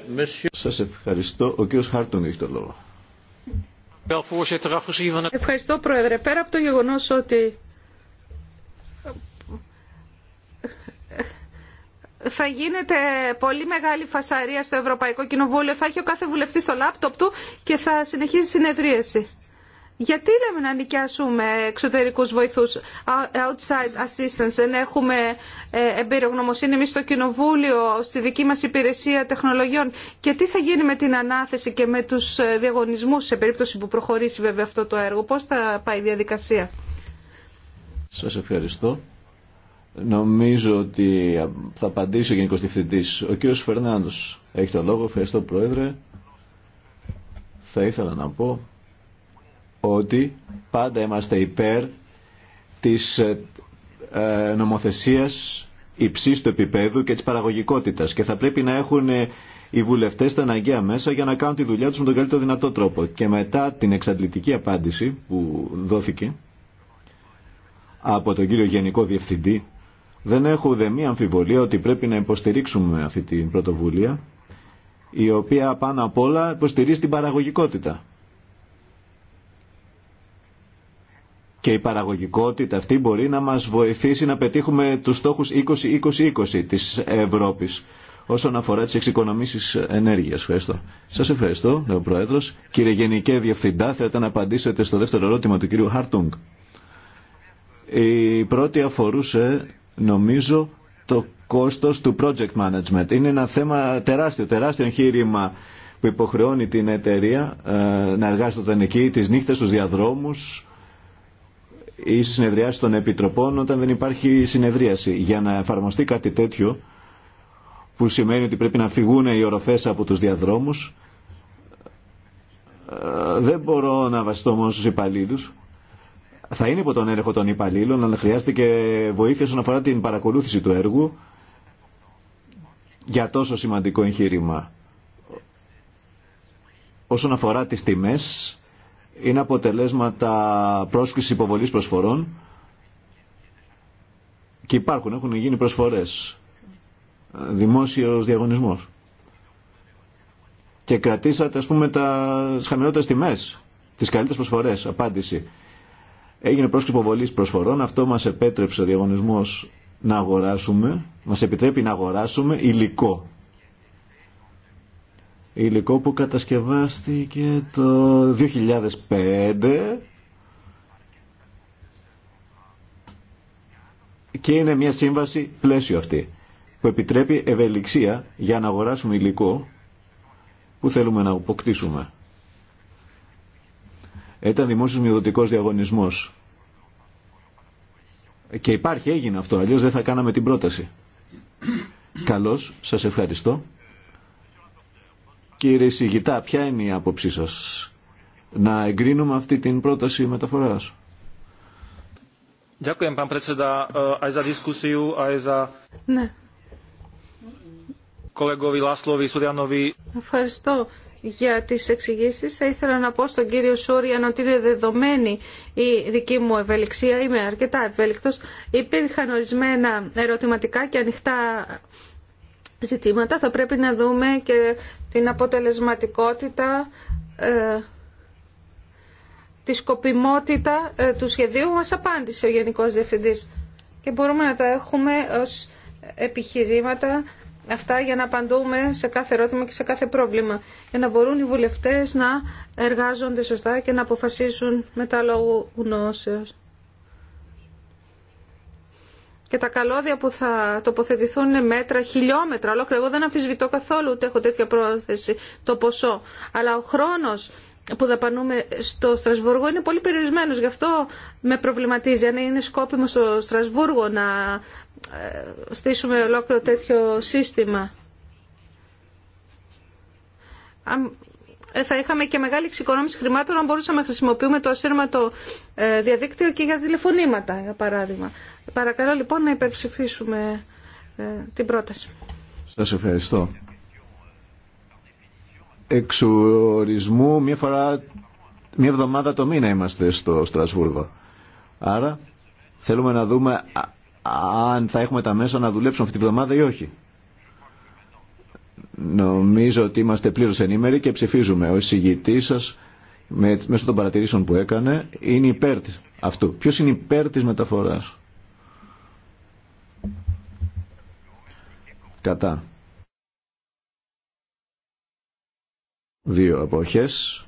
Σας ευχαριστώ. Ο Χάρτον έχει το Ευχαριστώ, Πρόεδρε. Πέρα από το γεγονός ότι θα γίνεται πολύ μεγάλη φασαρία στο Ευρωπαϊκό Κοινοβούλιο, θα έχει ο κάθε βουλευτής το λάπτοπ του και θα συνεχίζει η συνεδρίαση. Γιατί λέμε να νοικιάσουμε εξωτερικούς βοηθούς outside assistance, δεν έχουμε ε, εμπειρογνωμοσύνη εμείς στο Κοινοβούλιο, στη δική μας υπηρεσία τεχνολογιών και τι θα γίνει με την ανάθεση και με τους ε, διαγωνισμούς σε περίπτωση που προχωρήσει βέβαια αυτό το έργο. Πώς θα πάει η διαδικασία. Σας ευχαριστώ. Νομίζω ότι θα απαντήσει ο Γενικός Διευθυντής. Ο κύριος Φερνάνδος έχει το λόγο. Ευχαριστώ Πρόεδρε. Θα ήθελα να πω ότι πάντα είμαστε υπέρ της ε, ε, νομοθεσίας υψής του επίπεδου και της παραγωγικότητας και θα πρέπει να έχουν ε, οι βουλευτές τα αναγκαία μέσα για να κάνουν τη δουλειά τους με τον καλύτερο δυνατό τρόπο. Και μετά την εξαντλητική απάντηση που δόθηκε από τον κύριο Γενικό Διευθυντή δεν έχω ούτε μία αμφιβολία ότι πρέπει να υποστηρίξουμε αυτή την πρωτοβουλία η οποία πάνω απ' όλα υποστηρίζει την παραγωγικότητα Και η παραγωγικότητα αυτή μπορεί να μας βοηθήσει να πετύχουμε τους στόχους 20-20-20 της Ευρώπης όσον αφορά τις εξοικονομήσεις ενέργειας. Ευχαριστώ. Σας ευχαριστώ, λέει ο Πρόεδρος. Κύριε Γενικέ Διευθυντά, θέλετε να απαντήσετε στο δεύτερο ερώτημα του κύριου Χάρτουγκ. Η πρώτη αφορούσε, νομίζω, το κόστος του project management. Είναι ένα θέμα τεράστιο, τεράστιο εγχείρημα που υποχρεώνει την εταιρεία ε, να εργάζεται εκεί, τις νύχτες, τους διαδρόμους, ή συνεδριάσει των επιτροπών όταν δεν υπάρχει συνεδρίαση. Για να εφαρμοστεί κάτι τέτοιο, που σημαίνει ότι πρέπει να φυγούν οι οροφές από τους διαδρόμους, ε, δεν μπορώ να βασιστώ μόνο στους υπαλλήλου. Θα είναι υπό τον έλεγχο των υπαλλήλων, αλλά χρειάστηκε βοήθεια όσον αφορά την παρακολούθηση του έργου για τόσο σημαντικό εγχείρημα. Όσον αφορά τις τιμές, είναι αποτελέσματα πρόσκληση υποβολής προσφορών και υπάρχουν, έχουν γίνει προσφορές, δημόσιος διαγωνισμός. Και κρατήσατε, ας πούμε, τα χαμηλότερες τιμές, τις καλύτερες προσφορές, απάντηση. Έγινε πρόσκληση υποβολής προσφορών, αυτό μας επέτρεψε ο διαγωνισμός να αγοράσουμε, μας επιτρέπει να αγοράσουμε υλικό υλικό που κατασκευάστηκε το 2005 και είναι μια σύμβαση πλαίσιο αυτή που επιτρέπει ευελιξία για να αγοράσουμε υλικό που θέλουμε να αποκτήσουμε. Ήταν δημόσιος μειοδοτικός διαγωνισμός. Και υπάρχει, έγινε αυτό, αλλιώς δεν θα κάναμε την πρόταση. Καλώς, σας ευχαριστώ. Κύριε Σιγητά, ποια είναι η άποψή σας να εγκρίνουμε αυτή την πρόταση μεταφοράς. Ναι. Ευχαριστώ για τις εξηγήσει. Θα ήθελα να πω στον κύριο Σούριαν ότι είναι δεδομένη η δική μου ευελιξία. Είμαι αρκετά ευέλικτο. Υπήρχαν ορισμένα ερωτηματικά και ανοιχτά ζητήματα θα πρέπει να δούμε και την αποτελεσματικότητα, ε, τη σκοπιμότητα ε, του σχεδίου μας απάντησε ο Γενικός Διευθυντής και μπορούμε να τα έχουμε ως επιχειρήματα αυτά για να απαντούμε σε κάθε ερώτημα και σε κάθε πρόβλημα για να μπορούν οι βουλευτές να εργάζονται σωστά και να αποφασίσουν μετά λόγου γνώσεως και τα καλώδια που θα τοποθετηθούν είναι μέτρα, χιλιόμετρα ολόκληρα. Εγώ δεν αμφισβητώ καθόλου ούτε έχω τέτοια πρόθεση το ποσό. Αλλά ο χρόνος που δαπανούμε στο Στρασβούργο είναι πολύ περιορισμένος. Γι' αυτό με προβληματίζει αν είναι σκόπιμο στο Στρασβούργο να ε, στήσουμε ολόκληρο τέτοιο σύστημα. Ε, θα είχαμε και μεγάλη εξοικονόμηση χρημάτων αν μπορούσαμε να χρησιμοποιούμε το ασύρματο ε, διαδίκτυο και για τηλεφωνήματα, για παράδειγμα. Παρακαλώ λοιπόν να υπερψηφίσουμε ε, την πρόταση. Σας ευχαριστώ. Εξορισμού μία φορά, μία εβδομάδα το μήνα είμαστε στο Στρασβούργο. Άρα θέλουμε να δούμε αν θα έχουμε τα μέσα να δουλέψουμε αυτή τη βδομάδα ή όχι. Νομίζω ότι είμαστε πλήρως ενήμεροι και ψηφίζουμε. Ο εισηγητής σας, μέσω των παρατηρήσεων που έκανε, είναι υπέρ αυτού. Ποιος είναι υπέρ της μεταφοράς. Κατά. Δύο αποχές.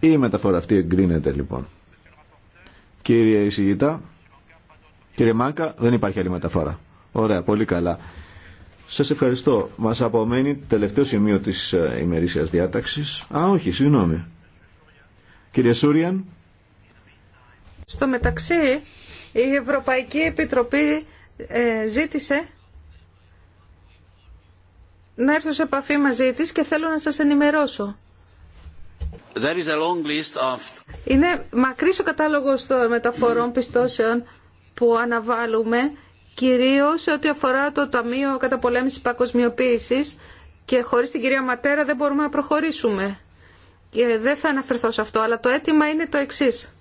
Η μεταφορά αυτή εγκρίνεται λοιπόν. Κύριε εισηγητά, κύριε Μάκα, δεν υπάρχει άλλη μεταφορά. Ωραία, πολύ καλά. Σας ευχαριστώ. Μας απομένει το τελευταίο σημείο της ε, ημερήσιας διάταξης. Α, όχι, συγγνώμη. Κύριε Σούριαν. Στο μεταξύ, η Ευρωπαϊκή Επιτροπή ε, ζήτησε να έρθω σε επαφή μαζί της και θέλω να σας ενημερώσω. Είναι μακρύς ο κατάλογος των μεταφορών πιστώσεων που αναβάλουμε κυρίως ό,τι αφορά το Ταμείο Καταπολέμησης Παγκοσμιοποίησης και χωρίς την κυρία Ματέρα δεν μπορούμε να προχωρήσουμε. Και δεν θα αναφερθώ σε αυτό, αλλά το αίτημα είναι το εξή. τεσσερις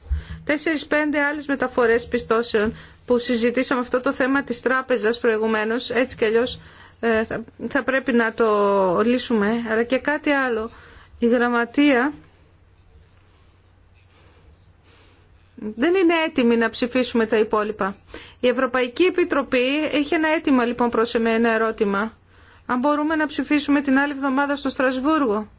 Τέσσερις-πέντε άλλες μεταφορές πιστώσεων που συζητήσαμε αυτό το θέμα της τράπεζας προηγουμένως, έτσι κι αλλιώς ε, θα πρέπει να το λύσουμε, αλλά και κάτι άλλο. Η γραμματεία Δεν είναι έτοιμοι να ψηφίσουμε τα υπόλοιπα. Η Ευρωπαϊκή Επιτροπή έχει ένα αίτημα λοιπόν προς ένα ερώτημα. Αν μπορούμε να ψηφίσουμε την άλλη εβδομάδα στο Στρασβούργο.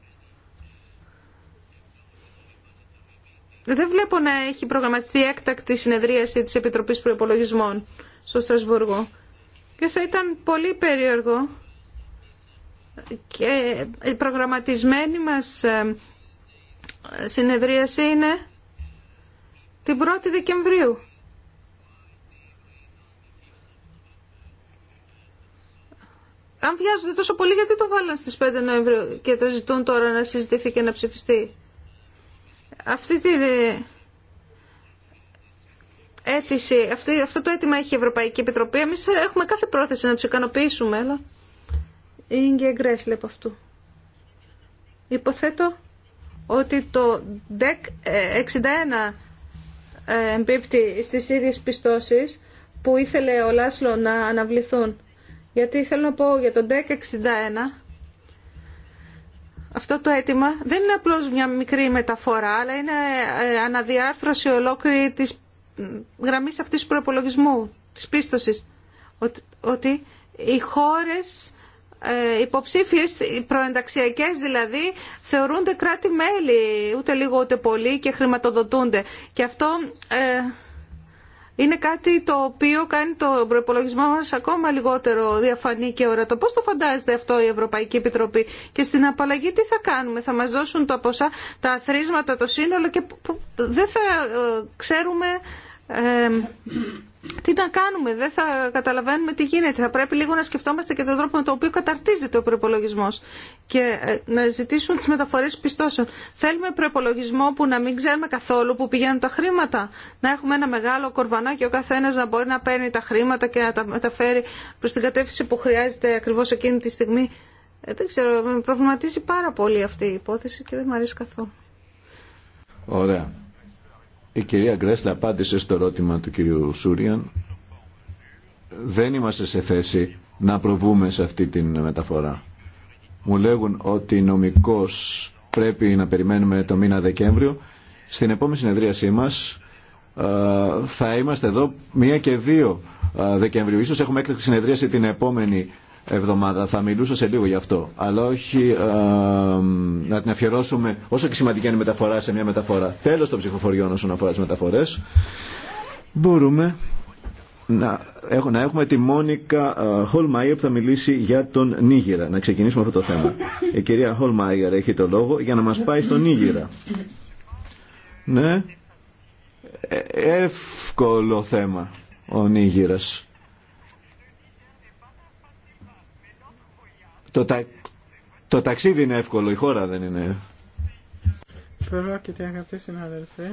Δεν βλέπω να έχει προγραμματιστεί έκτακτη συνεδρίαση της Επιτροπής Προϋπολογισμών στο Στρασβούργο. Και θα ήταν πολύ περίεργο και η προγραμματισμένη μας ε, συνεδρίαση είναι την 1η Δεκεμβρίου. Αν βιάζονται τόσο πολύ, γιατί το βάλαν στις 5 Νοεμβρίου και το ζητούν τώρα να συζητηθεί και να ψηφιστεί. Αυτή την ε, αίτηση, αυτό το αίτημα έχει η Ευρωπαϊκή Επιτροπή. Εμεί έχουμε κάθε πρόθεση να του ικανοποιήσουμε, είναι και εγκρέσλη αυτού. Υποθέτω ότι το δέκ 61 ε, εμπίπτει στις ίδιες πιστώσεις που ήθελε ο Λάσλο να αναβληθούν. Γιατί θέλω να πω για τον 1061 αυτό το αίτημα δεν είναι απλώς μια μικρή μεταφορά, αλλά είναι ε, αναδιάρθρωση ολόκληρη της γραμμής αυτής του προπολογισμού, της πίστοσης. Ότι οι χώρες ε, υποψήφιες προενταξιακές δηλαδή θεωρούνται κράτη-μέλη ούτε λίγο ούτε πολύ και χρηματοδοτούνται. Και αυτό ε, είναι κάτι το οποίο κάνει το προπολογισμό μας ακόμα λιγότερο διαφανή και ορατό. Πώς το φαντάζεται αυτό η Ευρωπαϊκή Επιτροπή και στην απαλλαγή τι θα κάνουμε, θα μας δώσουν τα ποσά, τα αθροίσματα, το σύνολο και δεν θα ε, ξέρουμε τι να κάνουμε, δεν θα καταλαβαίνουμε τι γίνεται. Θα πρέπει λίγο να σκεφτόμαστε και τον τρόπο με τον οποίο καταρτίζεται ο προπολογισμό και ε, να ζητήσουμε τι μεταφορέ πιστώσεων. Θέλουμε προπολογισμό που να μην ξέρουμε καθόλου που πηγαίνουν τα χρήματα. Να έχουμε ένα μεγάλο κορβανά και ο καθένα να μπορεί να παίρνει τα χρήματα και να τα μεταφέρει προ την κατεύθυνση που χρειάζεται ακριβώ εκείνη τη στιγμή. Ε, δεν ξέρω, με προβληματίζει πάρα πολύ αυτή η υπόθεση και δεν μου αρέσει καθόλου. Ωραία. Η κυρία Γκρέσλα απάντησε στο ερώτημα του κυρίου Σούριαν. Δεν είμαστε σε θέση να προβούμε σε αυτή τη μεταφορά. Μου λέγουν ότι νομικός πρέπει να περιμένουμε το μήνα Δεκέμβριο. Στην επόμενη συνεδρίασή μας θα είμαστε εδώ μία και δύο Δεκεμβρίου. Ίσως έχουμε έκτακτη συνεδρίαση την επόμενη εβδομάδα. Θα μιλούσα σε λίγο γι' αυτό. Αλλά όχι να την αφιερώσουμε όσο και σημαντική είναι η μεταφορά σε μια μεταφορά. Τέλο των ψηφοφοριών όσον αφορά τι μεταφορέ. Μπορούμε να, έχουμε τη Μόνικα ε, Χολμάιερ που θα μιλήσει για τον Νίγηρα. Να ξεκινήσουμε αυτό το θέμα. Η κυρία Χολμάιερ έχει το λόγο για να μα πάει στον Νίγηρα. Ναι. Ε, εύκολο θέμα ο Νίγηρας. Το, τα... ταξίδι είναι εύκολο, η χώρα δεν είναι. Πρόκειται αγαπητοί συναδελφοί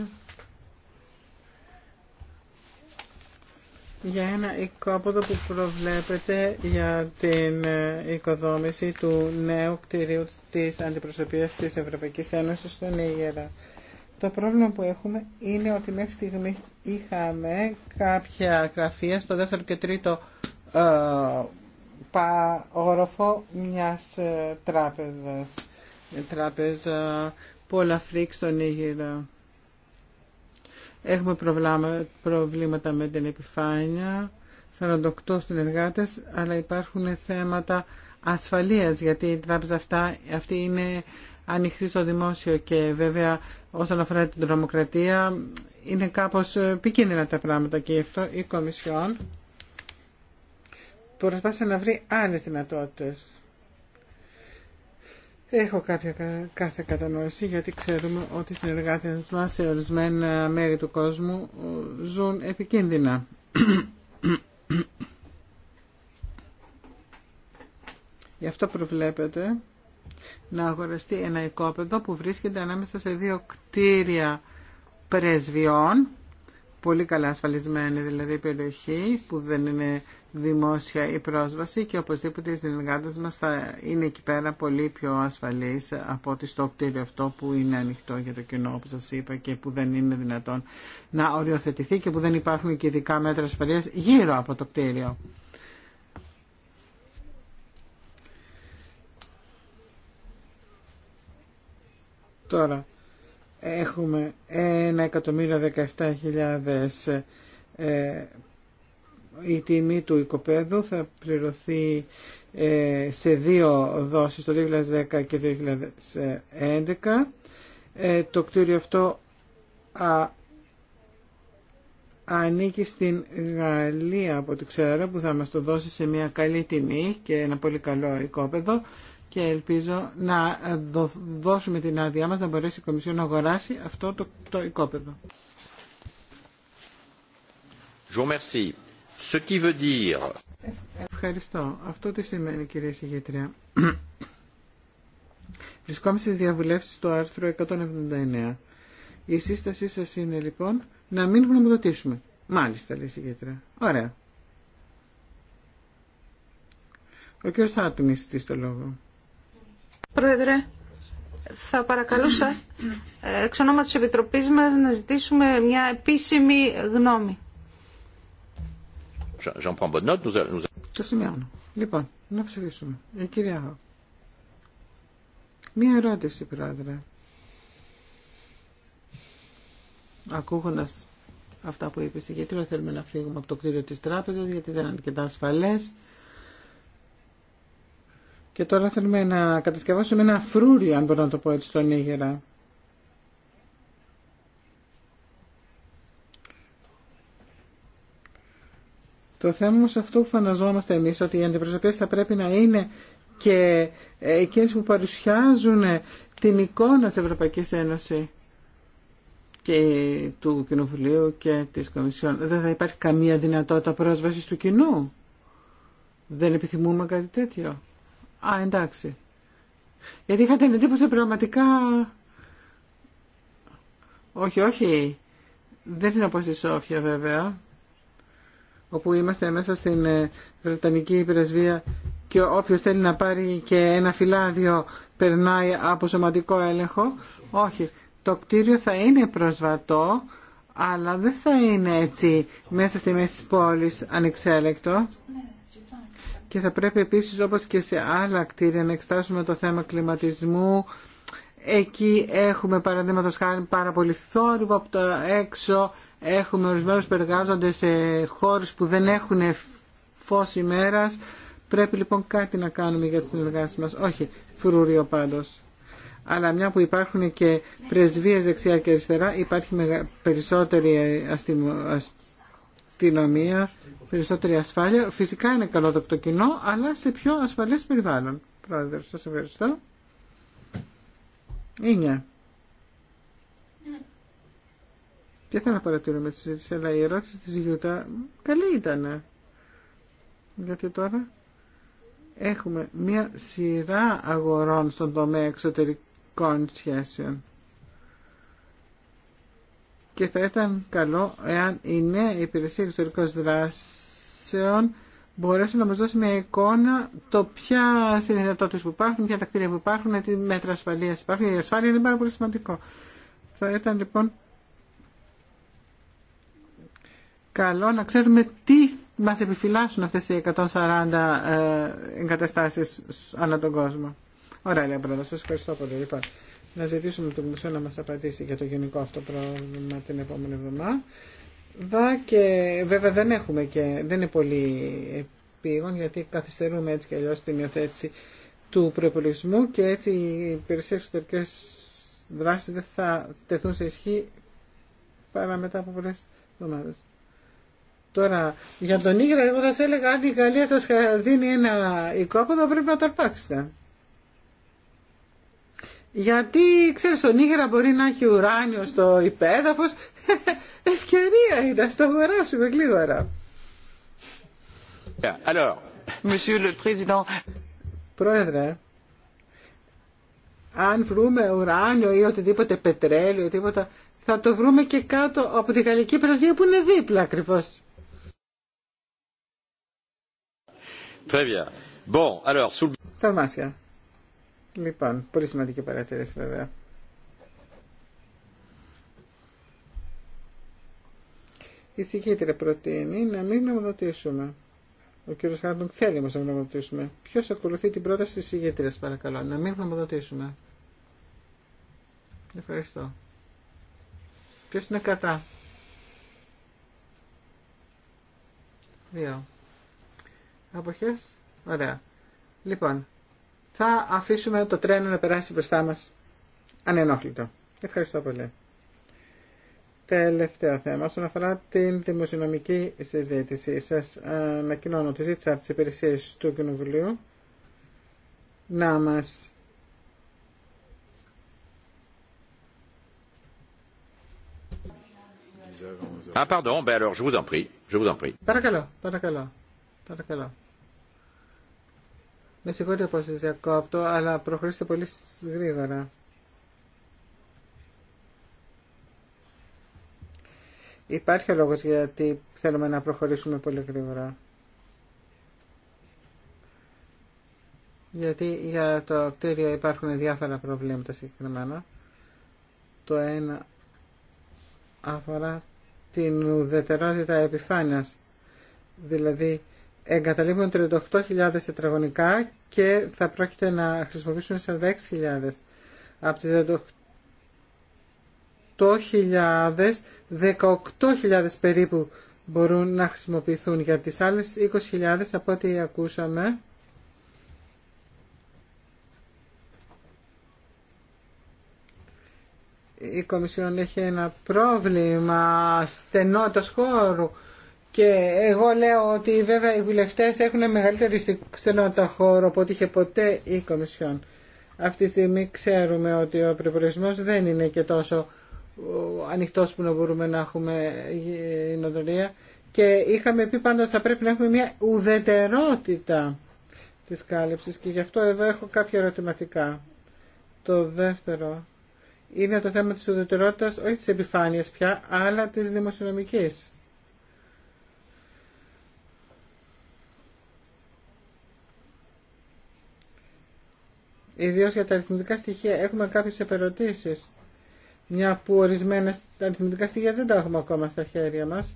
για ένα οικόποδο που προβλέπεται για την ε, οικοδόμηση του νέου κτηρίου της αντιπροσωπείας της Ευρωπαϊκής Ένωσης στον Ήγερα. Το πρόβλημα που έχουμε είναι ότι μέχρι στιγμή είχαμε κάποια γραφεία στο δεύτερο και τρίτο ε, όροφο μιας ε, τράπεζας. Τράπεζα Πολαφρίκ στον Ήγηρα. Έχουμε προβλήματα με την επιφάνεια, 48 εργάτες. αλλά υπάρχουν θέματα ασφαλείας, γιατί η τράπεζα αυτά, αυτή είναι ανοιχτή στο δημόσιο και βέβαια όσον αφορά την τρομοκρατία είναι κάπως επικίνδυνα τα πράγματα και αυτό η Κομισιόν προσπάθησε να βρει άλλες δυνατότητες. Έχω κάποια κάθε κατανόηση γιατί ξέρουμε ότι οι συνεργάτες μας σε ορισμένα μέρη του κόσμου ε, ζουν επικίνδυνα. Γι' αυτό προβλέπετε να αγοραστεί ένα οικόπεδο που βρίσκεται ανάμεσα σε δύο κτίρια πρεσβειών πολύ καλά ασφαλισμένη δηλαδή η περιοχή που δεν είναι δημόσια η πρόσβαση και οπωσδήποτε οι συνεργάτε μας θα είναι εκεί πέρα πολύ πιο ασφαλείς από ότι στο κτίριο αυτό που είναι ανοιχτό για το κοινό όπως σας είπα και που δεν είναι δυνατόν να οριοθετηθεί και που δεν υπάρχουν και ειδικά μέτρα ασφαλείας γύρω από το κτίριο. Τώρα, έχουμε 1.017.000 ε, η τιμή του οικοπαίδου θα πληρωθεί ε, σε δύο δόσεις το 2010 και το 2011. Ε, το κτίριο αυτό α, ανήκει στην Γαλλία από ό,τι ξέρω που θα μας το δώσει σε μια καλή τιμή και ένα πολύ καλό οικόπεδο και ελπίζω να δώσουμε την άδειά μας να μπορέσει η Κομισιόν να αγοράσει αυτό το, το οικόπεδο. Ευχαριστώ. Αυτό τι σημαίνει κυρία Συγγετρία. Βρισκόμαστε στις διαβουλεύσεις του άρθρου 179. Η σύστασή σας είναι λοιπόν να μην γνωμοδοτήσουμε. Μάλιστα λέει η Συγγετρία. Ωραία. Ο κ. Σάτουμ τι το λόγο. Πρόεδρε, θα παρακαλούσα εξ ονόμα της Επιτροπής μας να ζητήσουμε μια επίσημη γνώμη. Το σημειώνω. Λοιπόν, να ψηφίσουμε. Η ε, κυρία Μία ερώτηση, πρόεδρε. Ακούγοντα αυτά που είπε, γιατί θέλουμε να φύγουμε από το κτίριο τη τράπεζα, γιατί δεν είναι αρκετά ασφαλέ. Και τώρα θέλουμε να κατασκευάσουμε ένα φρούριο, αν μπορώ να το πω έτσι, στον Ήγερα. Το θέμα όμως αυτό που φαναζόμαστε εμείς, ότι οι αντιπροσωπείες θα πρέπει να είναι και εκείνες που παρουσιάζουν την εικόνα της Ευρωπαϊκής Ένωσης και του Κοινοβουλίου και της Κομισιόν. Δεν θα υπάρχει καμία δυνατότητα πρόσβασης του κοινού. Δεν επιθυμούμε κάτι τέτοιο. Α, εντάξει. Γιατί είχατε εντύπωση πραγματικά... Όχι, όχι. Δεν είναι όπως η Σόφια βέβαια, όπου είμαστε μέσα στην ε, Βρετανική Υπηρεσβεία και όποιος θέλει να πάρει και ένα φυλάδιο περνάει από σωματικό έλεγχο. Όχι, το κτίριο θα είναι προσβατό, αλλά δεν θα είναι έτσι μέσα στη μέση της πόλης ανεξέλεκτο και θα πρέπει επίσης όπως και σε άλλα κτίρια να εξτάσουμε το θέμα κλιματισμού. Εκεί έχουμε παραδείγματο χάρη πάρα πολύ θόρυβο από το έξω. Έχουμε ορισμένου που εργάζονται σε χώρους που δεν έχουν φω ημέρα. Πρέπει λοιπόν κάτι να κάνουμε για τι συνεργάσει μα. Όχι φρούριο πάντω. Αλλά μια που υπάρχουν και πρεσβείες δεξιά και αριστερά, υπάρχει περισσότερη αστυνομία αστυνομία, περισσότερη ασφάλεια. Φυσικά είναι καλό το από το κοινό, αλλά σε πιο ασφαλές περιβάλλον. Πρόεδρε, σας ευχαριστώ. Είναι. Και θέλω να παρατηρούμε τη συζήτηση, αλλά η ερώτηση της Γιούτα καλή ήταν. Γιατί τώρα έχουμε μία σειρά αγορών στον τομέα εξωτερικών σχέσεων και θα ήταν καλό εάν η νέα υπηρεσία εξωτερικών δράσεων μπορέσει να μας δώσει μια εικόνα το ποια συνειδητότητες που υπάρχουν, ποια τακτήρια που υπάρχουν, τι μέτρα ασφαλείας υπάρχουν. Η ασφάλεια είναι πάρα πολύ σημαντικό. Θα ήταν λοιπόν καλό να ξέρουμε τι μας επιφυλάσσουν αυτές οι 140 ε, εγκαταστάσεις ανά τον κόσμο. Ωραία, Λέα ο σας ευχαριστώ πολύ. Λοιπόν, να ζητήσουμε το Μισό να μας απαντήσει για το γενικό αυτό πρόβλημα την επόμενη εβδομάδα. Δα και βέβαια δεν έχουμε και δεν είναι πολύ επίγον γιατί καθυστερούμε έτσι και αλλιώς την υιοθέτηση του προπολογισμού και έτσι οι περισσότερες εξωτερικέ δράσει δεν θα τεθούν σε ισχύ παρά μετά από πολλές εβδομάδε. Τώρα, για τον Ήγρα εγώ θα σα έλεγα αν η Γαλλία σα δίνει ένα οικόπεδο πρέπει να το αρπάξετε. Γιατί, ξέρεις, ο Νίγερα μπορεί να έχει ουράνιο στο υπέδαφος. [LAUGHS] Ευκαιρία είναι, να στο αγοράσουμε γλίγορα. Πρόεδρε, αν βρούμε ουράνιο ή οτιδήποτε πετρέλαιο ή θα το βρούμε και κάτω από τη γαλλική πρεσβεία που είναι δίπλα ακριβώς. Θαυμάσια. Λοιπόν, πολύ σημαντική παρατήρηση βέβαια. Η συγχύτρια προτείνει να μην γνωμοδοτήσουμε. Ο κύριο Χάρντον θέλει όμω να γνωμοδοτήσουμε. Ποιο ακολουθεί την πρόταση τη συγχύτρια, παρακαλώ, να μην γνωμοδοτήσουμε. Ευχαριστώ. Ποιο είναι κατά. Δύο. Αποχές. Ωραία. Λοιπόν, θα αφήσουμε το τρένο να περάσει μπροστά μας ανενόχλητο. Ευχαριστώ πολύ. Τελευταίο θέμα, όσον αφορά την δημοσιονομική συζήτηση, σας ανακοινώνω ότι ζήτησα από τις υπηρεσίες του Κοινοβουλίου να μας Ah pardon, ben alors je vous en prie, je Παρακαλώ, παρακαλώ, παρακαλώ. Με συγχωρείτε πως σας διακόπτω, αλλά προχωρήστε πολύ γρήγορα. Υπάρχει ο λόγος γιατί θέλουμε να προχωρήσουμε πολύ γρήγορα. Γιατί για το κτίριο υπάρχουν διάφορα προβλήματα συγκεκριμένα. Το ένα αφορά την ουδετερότητα επιφάνειας. Δηλαδή εγκαταλείπουν 38.000 τετραγωνικά και θα πρόκειται να χρησιμοποιήσουν 46.000. Από τις 18.000, 18.000 περίπου μπορούν να χρησιμοποιηθούν. Για τις άλλες 20.000 από ό,τι ακούσαμε, η Κομισιόν έχει ένα πρόβλημα στενότητας χώρου και εγώ λέω ότι βέβαια οι βουλευτέ έχουν μεγαλύτερη στενότητα χώρο από ό,τι είχε ποτέ η Κομισιόν. Αυτή τη στιγμή ξέρουμε ότι ο προπολογισμό δεν είναι και τόσο ανοιχτό που να μπορούμε να έχουμε γενοδορία Και είχαμε πει πάντα ότι θα πρέπει να έχουμε μια ουδετερότητα τη κάλυψη και γι' αυτό εδώ έχω κάποια ερωτηματικά. Το δεύτερο είναι το θέμα τη ουδετερότητα όχι τη επιφάνεια πια, αλλά τη δημοσιονομική. ιδίως για τα αριθμητικά στοιχεία, έχουμε κάποιες επερωτήσεις, μια που ορισμένα αριθμητικά στοιχεία δεν τα έχουμε ακόμα στα χέρια μας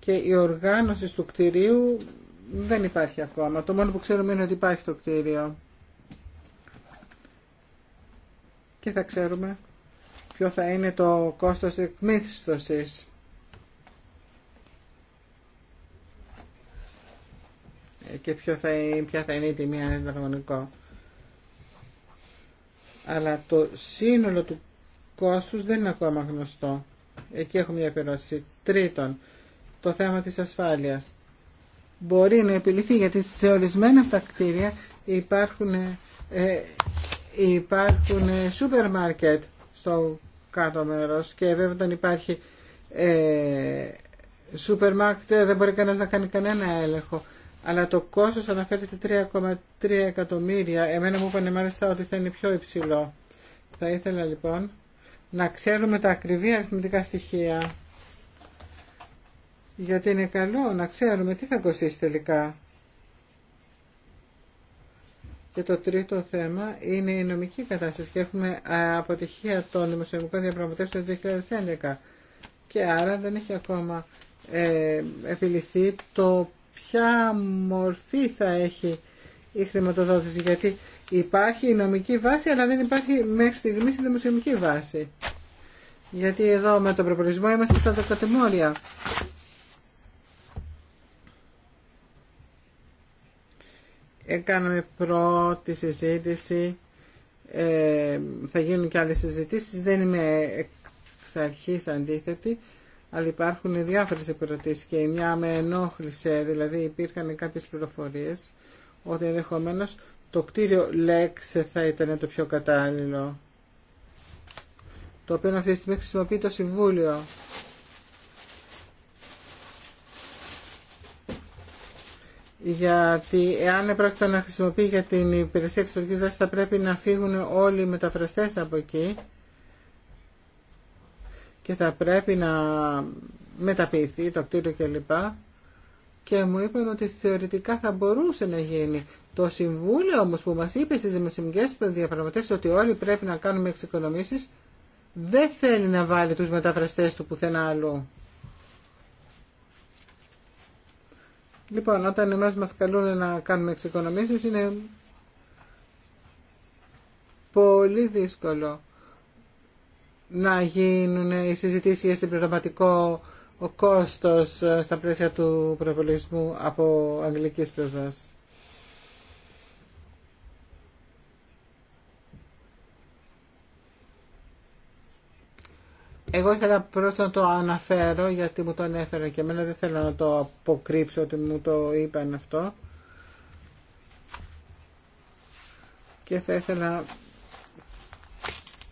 και η οργάνωση του κτηρίου δεν υπάρχει ακόμα. Το μόνο που ξέρουμε είναι ότι υπάρχει το κτίριο. Και θα ξέρουμε ποιο θα είναι το κόστος εκμύθιστοσης. Ε, και ποια θα είναι η τιμή αν αλλά το σύνολο του κόστους δεν είναι ακόμα γνωστό. Εκεί έχουμε μια επιρροσή. Τρίτον, το θέμα της ασφάλειας. Μπορεί να επιληθεί γιατί σε ορισμένα αυτά τα κτίρια ε, ε, υπάρχουν, ε, σούπερ μάρκετ στο κάτω μέρος και βέβαια όταν υπάρχει ε, σούπερ μάρκετ ε, δεν μπορεί κανένας να κάνει κανένα έλεγχο αλλά το κόστος αναφέρεται 3,3 εκατομμύρια. Εμένα μου είπανε μάλιστα ότι θα είναι πιο υψηλό. Θα ήθελα λοιπόν να ξέρουμε τα ακριβή αριθμητικά στοιχεία. Γιατί είναι καλό να ξέρουμε τι θα κοστίσει τελικά. Και το τρίτο θέμα είναι η νομική κατάσταση και έχουμε αποτυχία των δημοσιονομικών διαπραγματεύσεων το 2011. Και άρα δεν έχει ακόμα ε, επιληθεί το ποια μορφή θα έχει η χρηματοδότηση γιατί υπάρχει η νομική βάση αλλά δεν υπάρχει μέχρι στιγμής η δημοσιονομική βάση γιατί εδώ με τον προπολισμό είμαστε στα κατημόρια. Έκαναμε πρώτη συζήτηση ε, θα γίνουν και άλλες συζητήσεις δεν είμαι εξ αρχής αντίθετη αλλά υπάρχουν διάφορες επιρροτήσεις και η μια με ενόχλησε, δηλαδή υπήρχαν κάποιες πληροφορίες ότι ενδεχομένω το κτίριο Λέξε θα ήταν το πιο κατάλληλο το οποίο αυτή τη στιγμή χρησιμοποιεί το Συμβούλιο. Γιατί εάν πρόκειται να χρησιμοποιεί για την υπηρεσία εξωτερική θα πρέπει να φύγουν όλοι οι μεταφραστές από εκεί και θα πρέπει να μεταποιηθεί το κτίριο κλπ. Και μου είπαν ότι θεωρητικά θα μπορούσε να γίνει. Το Συμβούλιο όμω που μας είπε στι δημοσιονομικές διαπραγματεύσει ότι όλοι πρέπει να κάνουμε εξοικονομήσει, δεν θέλει να βάλει τους μεταφραστές του πουθενά αλλού. Λοιπόν, όταν εμάς μας καλούν να κάνουμε εξοικονομήσεις είναι πολύ δύσκολο να γίνουν οι συζητήσεις για συμπληρωματικό ο κόστος ε, στα πλαίσια του προπολογισμού από αγγλικής πλευράς. Εγώ ήθελα πρώτα να το αναφέρω γιατί μου το ανέφερα και εμένα δεν θέλω να το αποκρύψω ότι μου το είπαν αυτό. Και θα ήθελα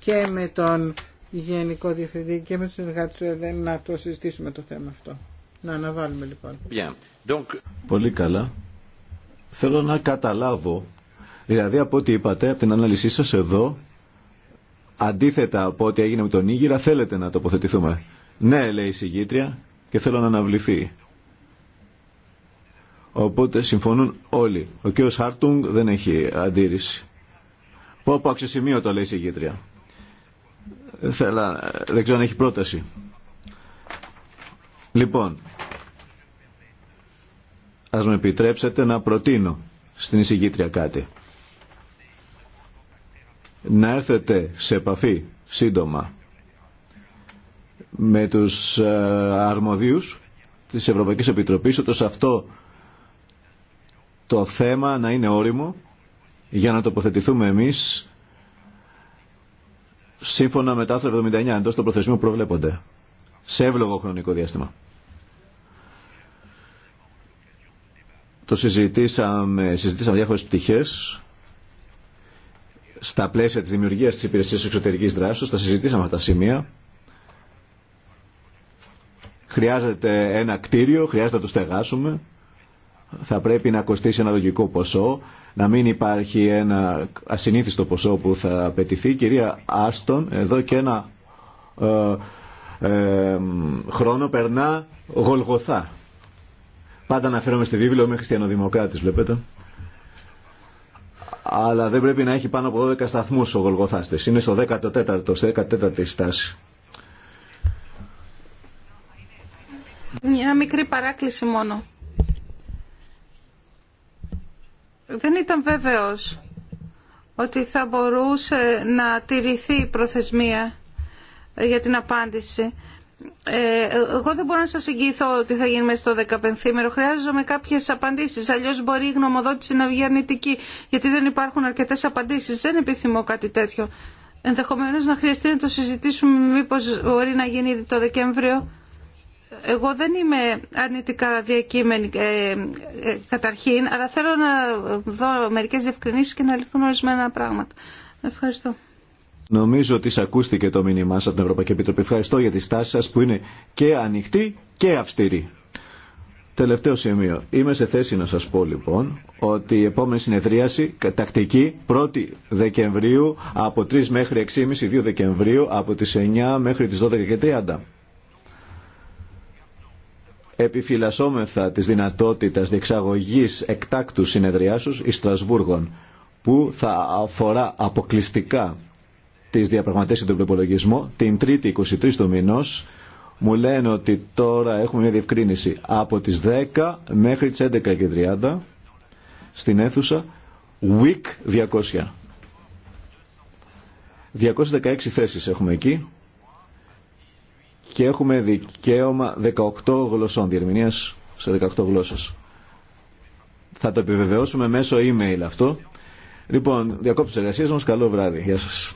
και με τον Γενικό Διευθυντή και με τους συνεργάτες να το συζητήσουμε το θέμα αυτό. Να αναβάλουμε λοιπόν. Bien. Donc... Πολύ καλά. Θέλω να καταλάβω, δηλαδή από ό,τι είπατε, από την ανάλυση σας εδώ, αντίθετα από ό,τι έγινε με τον Ήγηρα, θέλετε να τοποθετηθούμε. Ναι, λέει η συγγήτρια και θέλω να αναβληθεί. Οπότε συμφωνούν όλοι. Ο κ. Χάρτουγκ δεν έχει αντίρρηση. Πω πω αξιοσημείωτο λέει η συγγήτρια. Θέλα, δεν ξέρω αν έχει πρόταση. Λοιπόν, ας με επιτρέψετε να προτείνω στην εισηγήτρια κάτι. Να έρθετε σε επαφή σύντομα με τους ε, αρμοδίους της Ευρωπαϊκής Επιτροπής, ώστε αυτό το θέμα να είναι όριμο για να τοποθετηθούμε εμείς σύμφωνα με το άρθρο 79 εντός των προθεσμίων προβλέπονται σε εύλογο χρονικό διάστημα. Το συζητήσαμε, συζητήσαμε διάφορες πτυχές στα πλαίσια της δημιουργίας της υπηρεσίας εξωτερικής δράσης, τα συζητήσαμε αυτά τα σημεία. Χρειάζεται ένα κτίριο, χρειάζεται να το στεγάσουμε θα πρέπει να κοστίσει ένα λογικό ποσό, να μην υπάρχει ένα ασυνήθιστο ποσό που θα απαιτηθεί. Κυρία Άστον, εδώ και ένα ε, ε, χρόνο περνά γολγοθά. Πάντα αναφέρομαι στη βίβλο, είμαι χριστιανοδημοκράτης, βλέπετε. Αλλά δεν πρέπει να έχει πάνω από 12 σταθμούς ο Γολγοθάστης. Είναι στο 14ο, 14η στάση. Μια μικρή παράκληση μόνο. δεν ήταν βέβαιος ότι θα μπορούσε να τηρηθεί η προθεσμία για την απάντηση. Ε, εγώ δεν μπορώ να σας εγγυηθώ ότι θα γίνει μέσα στο 15 μέρο. Χρειάζομαι κάποιες απαντήσεις, αλλιώς μπορεί η γνωμοδότηση να βγει αρνητική, γιατί δεν υπάρχουν αρκετές απαντήσεις. Δεν επιθυμώ κάτι τέτοιο. Ενδεχομένως να χρειαστεί να το συζητήσουμε μήπως μπορεί να γίνει το Δεκέμβριο εγώ δεν είμαι αρνητικά διακείμενη ε, ε, καταρχήν, αλλά θέλω να δω μερικές διευκρινήσεις και να λυθούν ορισμένα πράγματα. Ευχαριστώ. Νομίζω ότι ακούστηκε το μήνυμά σα από την Ευρωπαϊκή Επιτροπή. Ευχαριστώ για τη στάση σας που είναι και ανοιχτή και αυστηρή. Τελευταίο σημείο. Είμαι σε θέση να σας πω λοιπόν ότι η επόμενη συνεδρίαση τακτική 1η Δεκεμβρίου από 3 μέχρι 6.30 2 Δεκεμβρίου από τις 9 μέχρι τις 12.30 επιφυλασσόμεθα της δυνατότητας διεξαγωγής εκτάκτου συνεδριάσεως εις Στρασβούργων που θα αφορά αποκλειστικά τις διαπραγματεύσεις του προπολογισμού την 3η 23 του μηνός μου λένε ότι τώρα έχουμε μια διευκρίνηση από τις 10 μέχρι τις 11.30 στην αίθουσα WIC 200. 216 θέσεις έχουμε εκεί και έχουμε δικαίωμα 18 γλωσσών, διερμηνίας σε 18 γλώσσες. Θα το επιβεβαιώσουμε μέσω email αυτό. Λοιπόν, διακόπτω τις εργασίες Καλό βράδυ. Γεια σας.